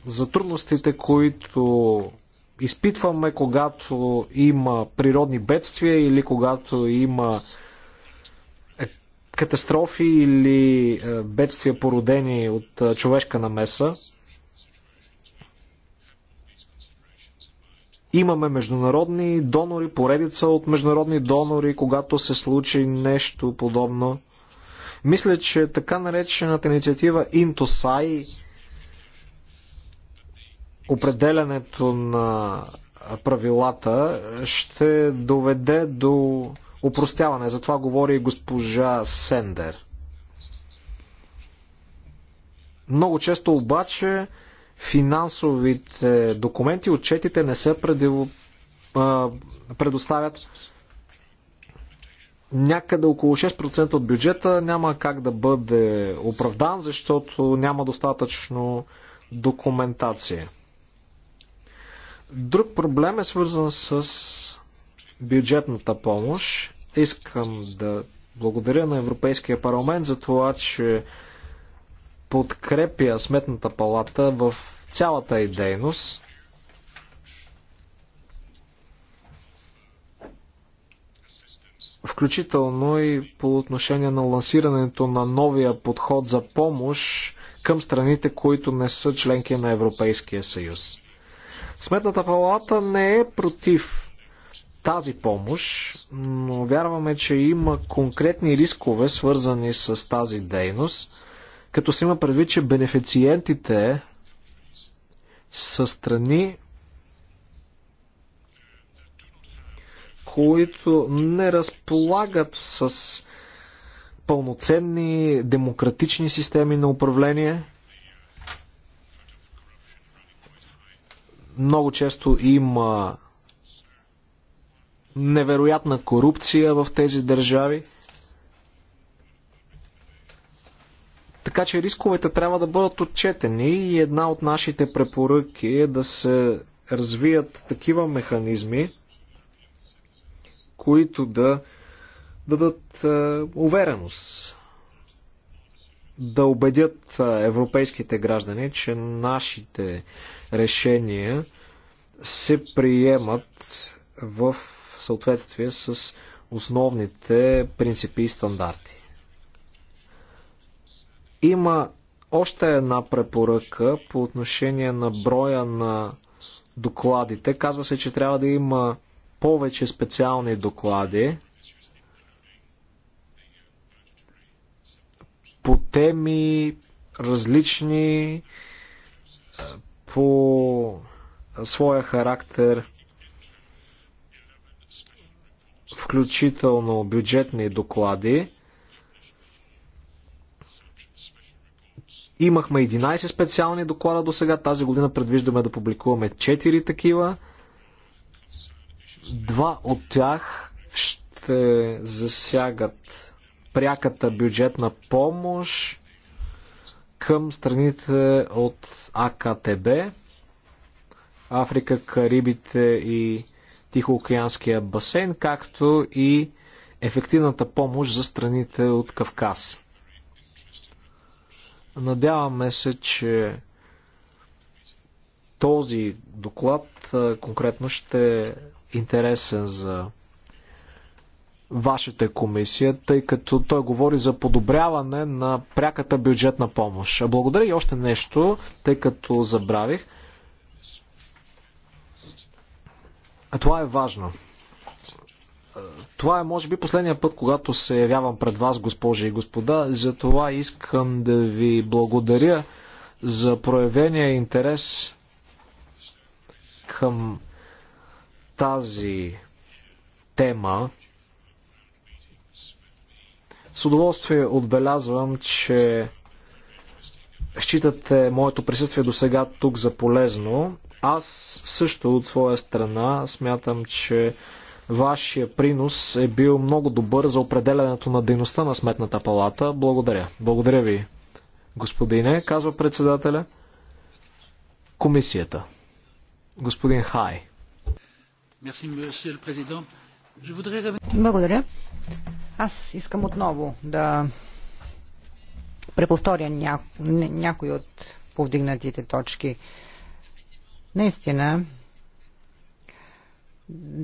за трудностите, които изпитваме, когато има природни бедствия или когато има катастрофи или е, бедствия, породени от е, човешка намеса. Имаме международни донори, поредица от международни донори, когато се случи нещо подобно. Мисля, че така наречената инициатива Интосай, определянето на правилата, ще доведе до упростяване. За това говори госпожа Сендер. Много често обаче финансовите документи, отчетите не се предоставят някъде около 6% от бюджета няма как да бъде оправдан, защото няма достатъчно документация. Друг проблем е свързан с бюджетната помощ. Искам да благодаря на Европейския парламент за това, че подкрепя Сметната палата в цялата й дейност. Включително и по отношение на лансирането на новия подход за помощ към страните, които не са членки на Европейския съюз. Сметната палата не е против тази помощ, но вярваме, че има конкретни рискове, свързани с тази дейност, като се има предвид, че бенефициентите са страни, които не разполагат с пълноценни демократични системи на управление. Много често има невероятна корупция в тези държави. Така че рисковете трябва да бъдат отчетени и една от нашите препоръки е да се развият такива механизми, които да дадат е, увереност, да убедят е, европейските граждани, че нашите решения се приемат в съответствие с основните принципи и стандарти. Има още една препоръка по отношение на броя на докладите. Казва се, че трябва да има повече специални доклади по теми различни, по своя характер включително бюджетни доклади. Имахме 11 специални доклада до сега. Тази година предвиждаме да публикуваме 4 такива. Два от тях ще засягат пряката бюджетна помощ към страните от АКТБ, Африка, Карибите и Тихоокеанския басейн, както и ефективната помощ за страните от Кавказ. Надяваме се, че този доклад конкретно ще е интересен за вашата комисия, тъй като той говори за подобряване на пряката бюджетна помощ. Благодаря и още нещо, тъй като забравих. А това е важно. Това е, може би, последния път, когато се явявам пред вас, госпожи и господа. За това искам да ви благодаря за проявения интерес към тази тема. С удоволствие отбелязвам, че считате моето присъствие до сега тук за полезно аз също от своя страна смятам, че вашия принос е бил много добър за определенето на дейността на Сметната палата. Благодаря. Благодаря ви, господине, казва председателя. Комисията. Господин Хай. Благодаря. Аз искам отново да преповторя няко... някои от повдигнатите точки. Наистина,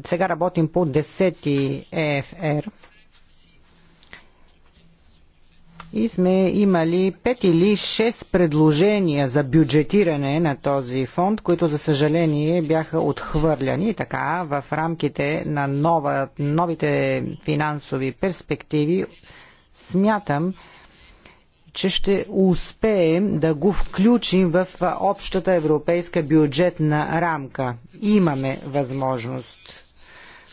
сега работим по 10 ЕФР и сме имали 5 или 6 предложения за бюджетиране на този фонд, които за съжаление бяха отхвърляни. така, в рамките на нова, новите финансови перспективи смятам, че ще успеем да го включим в общата европейска бюджетна рамка. Имаме възможност.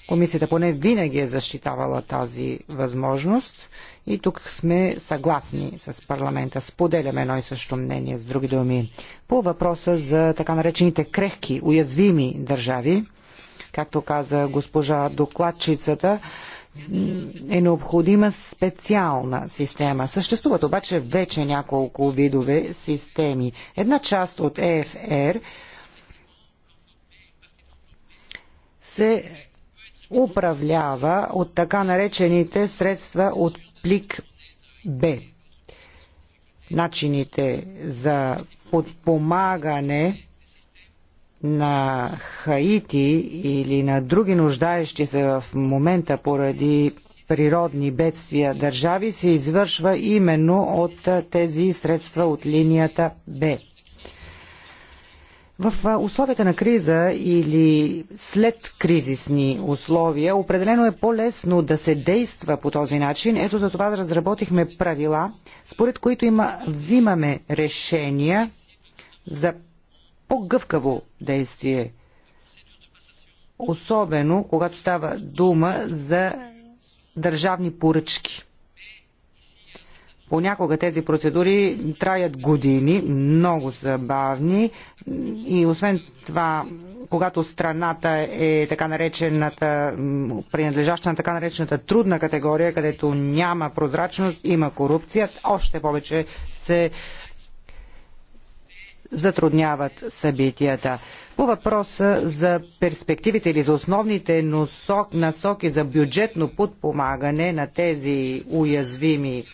Комисията поне винаги е защитавала тази възможност и тук сме съгласни с парламента. Споделяме едно и също мнение с други думи. По въпроса за така наречените крехки, уязвими държави, както каза госпожа докладчицата, е необходима специална система. Съществуват обаче вече няколко видове системи. Една част от ЕФР се управлява от така наречените средства от плик Б. Начините за подпомагане на Хаити или на други нуждаещи се в момента поради природни бедствия държави се извършва именно от тези средства от линията Б. В условията на криза или след кризисни условия определено е по-лесно да се действа по този начин. Ето за това разработихме правила, според които има, взимаме решения за по-гъвкаво действие. Особено, когато става дума за държавни поръчки. Понякога тези процедури траят години, много са бавни и освен това, когато страната е така наречената, принадлежаща на така наречената трудна категория, където няма прозрачност, има корупция, още повече се затрудняват събитията. По въпроса за перспективите или за основните носок, насоки за бюджетно подпомагане на тези уязвими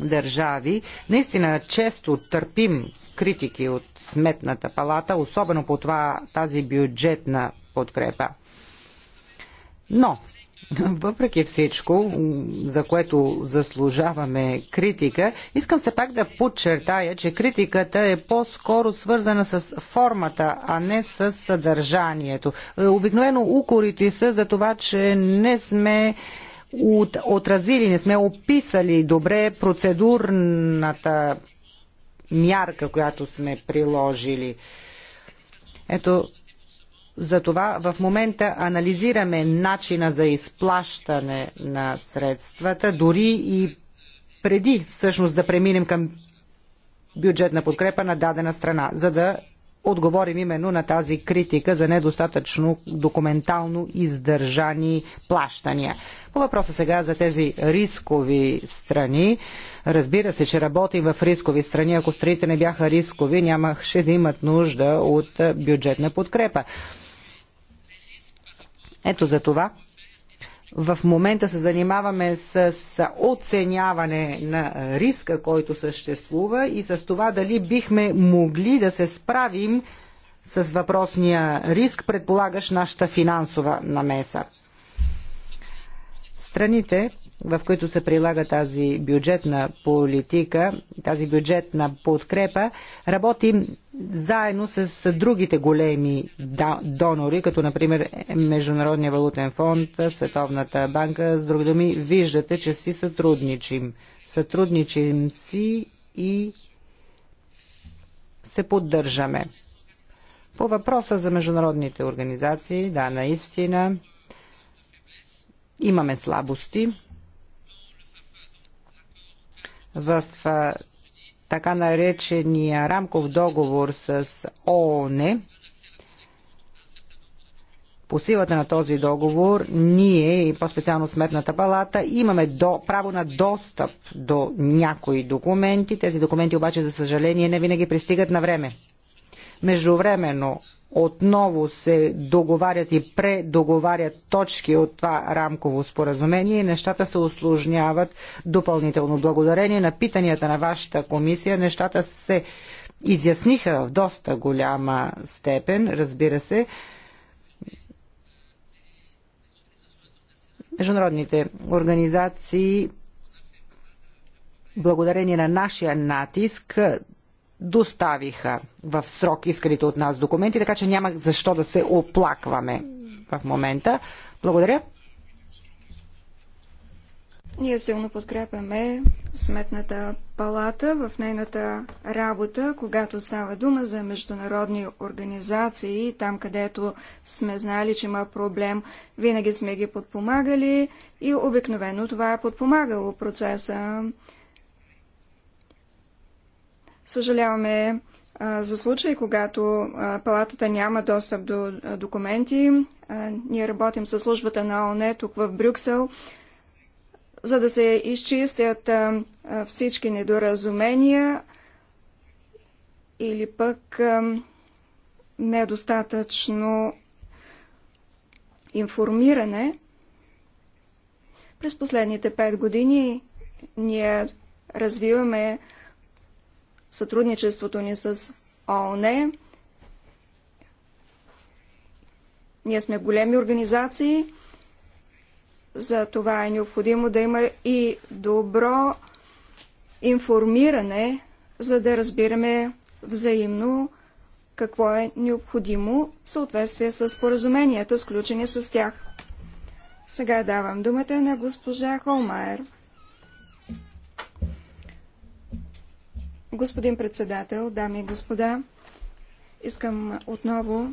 държави, наистина често търпим критики от Сметната палата, особено по това, тази бюджетна подкрепа. Но въпреки всичко, за което заслужаваме критика, искам се пак да подчертая, че критиката е по-скоро свързана с формата, а не с съдържанието. Е, обикновено укорите са за това, че не сме от, отразили, не сме описали добре процедурната мярка, която сме приложили. Ето, затова в момента анализираме начина за изплащане на средствата, дори и преди всъщност да преминем към бюджетна подкрепа на дадена страна, за да отговорим именно на тази критика за недостатъчно документално издържани плащания. По въпроса сега за тези рискови страни, разбира се, че работим в рискови страни. Ако страните не бяха рискови, нямаше да имат нужда от бюджетна подкрепа. Ето за това в момента се занимаваме с оценяване на риска, който съществува и с това дали бихме могли да се справим с въпросния риск, предполагаш нашата финансова намеса. Страните, в които се прилага тази бюджетна политика, тази бюджетна подкрепа, работим заедно с другите големи донори, като например Международния валутен фонд, Световната банка. С други думи, виждате, че си сътрудничим. Сътрудничим си и се поддържаме. По въпроса за международните организации, да, наистина, Имаме слабости в така наречения рамков договор с ООН. По силата на този договор ние и по-специално Сметната палата имаме до, право на достъп до някои документи. Тези документи обаче, за съжаление, не винаги пристигат на време. Междувременно отново се договарят и предоговарят точки от това рамково споразумение и нещата се осложняват допълнително. Благодарение на питанията на вашата комисия, нещата се изясниха в доста голяма степен, разбира се. Международните организации благодарение на нашия натиск доставиха в срок исканите от нас документи, така че няма защо да се оплакваме в момента. Благодаря. Ние силно подкрепяме Сметната палата в нейната работа, когато става дума за международни организации, там където сме знали, че има проблем, винаги сме ги подпомагали и обикновено това е подпомагало процеса. Съжаляваме за случаи, когато палатата няма достъп до документи. Ние работим със службата на ООН тук в Брюксел, за да се изчистят всички недоразумения или пък недостатъчно информиране. През последните пет години ние развиваме сътрудничеството ни с ООН. Ние сме големи организации, за това е необходимо да има и добро информиране, за да разбираме взаимно какво е необходимо в съответствие с поразуменията, сключени с тях. Сега давам думата на госпожа Холмайер. Господин председател, дами и господа, искам отново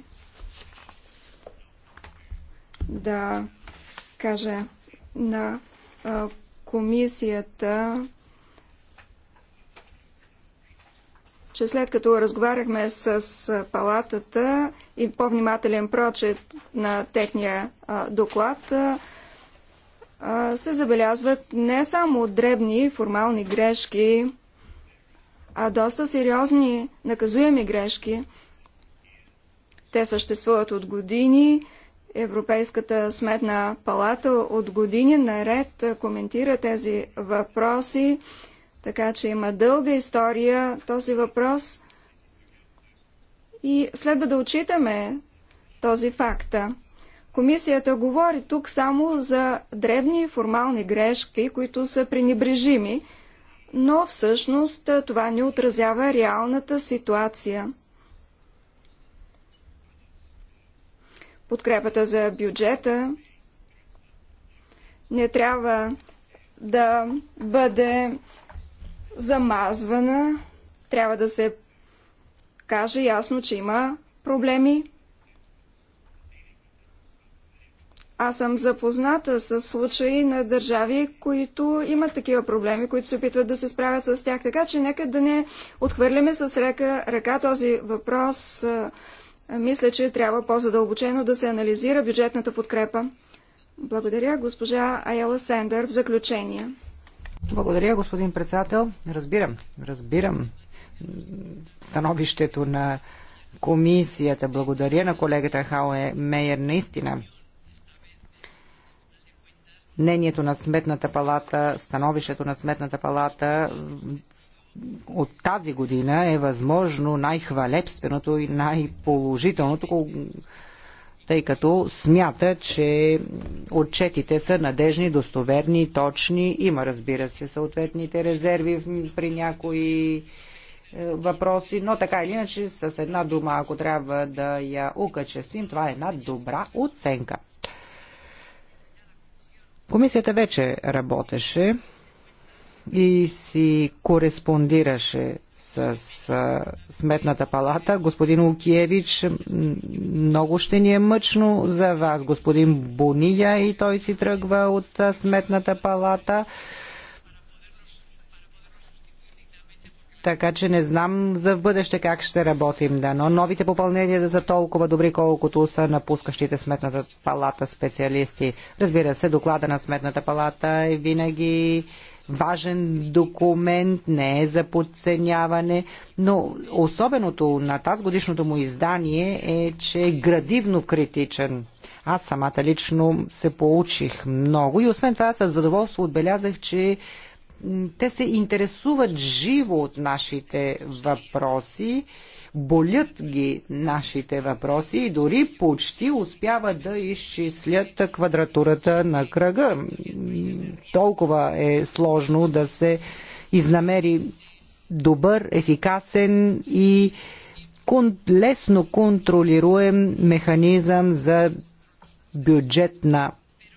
да кажа на комисията, че след като разговаряхме с палатата и по-внимателен прочет на техния доклад, се забелязват не само дребни формални грешки, а доста сериозни наказуеми грешки. Те съществуват от години. Европейската сметна палата от години наред коментира тези въпроси, така че има дълга история този въпрос и следва да отчитаме този факт. Комисията говори тук само за древни, формални грешки, които са пренебрежими, но всъщност това не отразява реалната ситуация. Подкрепата за бюджета не трябва да бъде замазвана, трябва да се каже ясно, че има проблеми. Аз съм запозната с случаи на държави, които имат такива проблеми, които се опитват да се справят с тях. Така че нека да не отхвърляме с ръка, ръка този въпрос. Мисля, че трябва по-задълбочено да се анализира бюджетната подкрепа. Благодаря, госпожа Айела Сендър, в заключение. Благодаря, господин председател. Разбирам, разбирам становището на комисията. Благодаря на колегата Хауе Мейер наистина мнението на Сметната палата, становището на Сметната палата от тази година е възможно най-хвалебственото и най-положителното, тъй като смята, че отчетите са надежни, достоверни, точни. Има, разбира се, съответните резерви при някои е, въпроси, но така или иначе с една дума, ако трябва да я укачествим, това е една добра оценка. Комисията вече работеше и си кореспондираше с а, Сметната палата. Господин Лукиевич, много ще ни е мъчно за вас. Господин Бония и той си тръгва от а, Сметната палата. така че не знам за бъдеще как ще работим. Да, но новите попълнения да са толкова добри, колкото са напускащите Сметната палата специалисти. Разбира се, доклада на Сметната палата е винаги важен документ, не е за подценяване, но особеното на тази годишното му издание е, че е градивно критичен. Аз самата лично се получих много и освен това с задоволство отбелязах, че те се интересуват живо от нашите въпроси, болят ги нашите въпроси и дори почти успяват да изчислят квадратурата на кръга. Толкова е сложно да се изнамери добър, ефикасен и лесно контролируем механизъм за бюджетна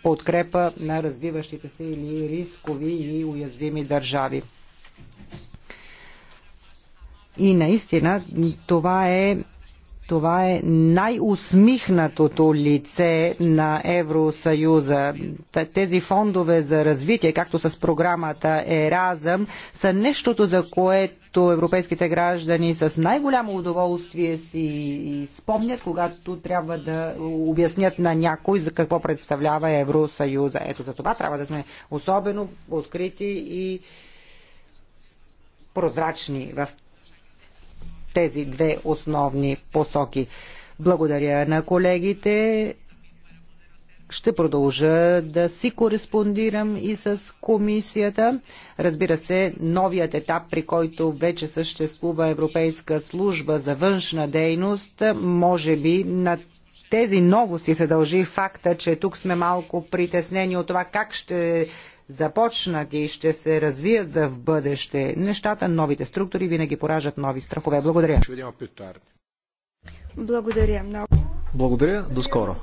подкрепа на развиващите се или рискови и уязвими държави. И наистина това е това е най-усмихнатото лице на Евросъюза. Тези фондове за развитие, както с програмата Еразъм, са нещото, за което които европейските граждани с най-голямо удоволствие си спомнят, когато трябва да обяснят на някой за какво представлява Евросъюза. Ето за това трябва да сме особено открити и прозрачни в тези две основни посоки. Благодаря на колегите ще продължа да си кореспондирам и с комисията. Разбира се, новият етап, при който вече съществува Европейска служба за външна дейност, може би на тези новости се дължи факта, че тук сме малко притеснени от това как ще започнат и ще се развият за в бъдеще нещата, новите структури винаги поражат нови страхове. Благодаря. Благодаря много. Благодаря. До скоро.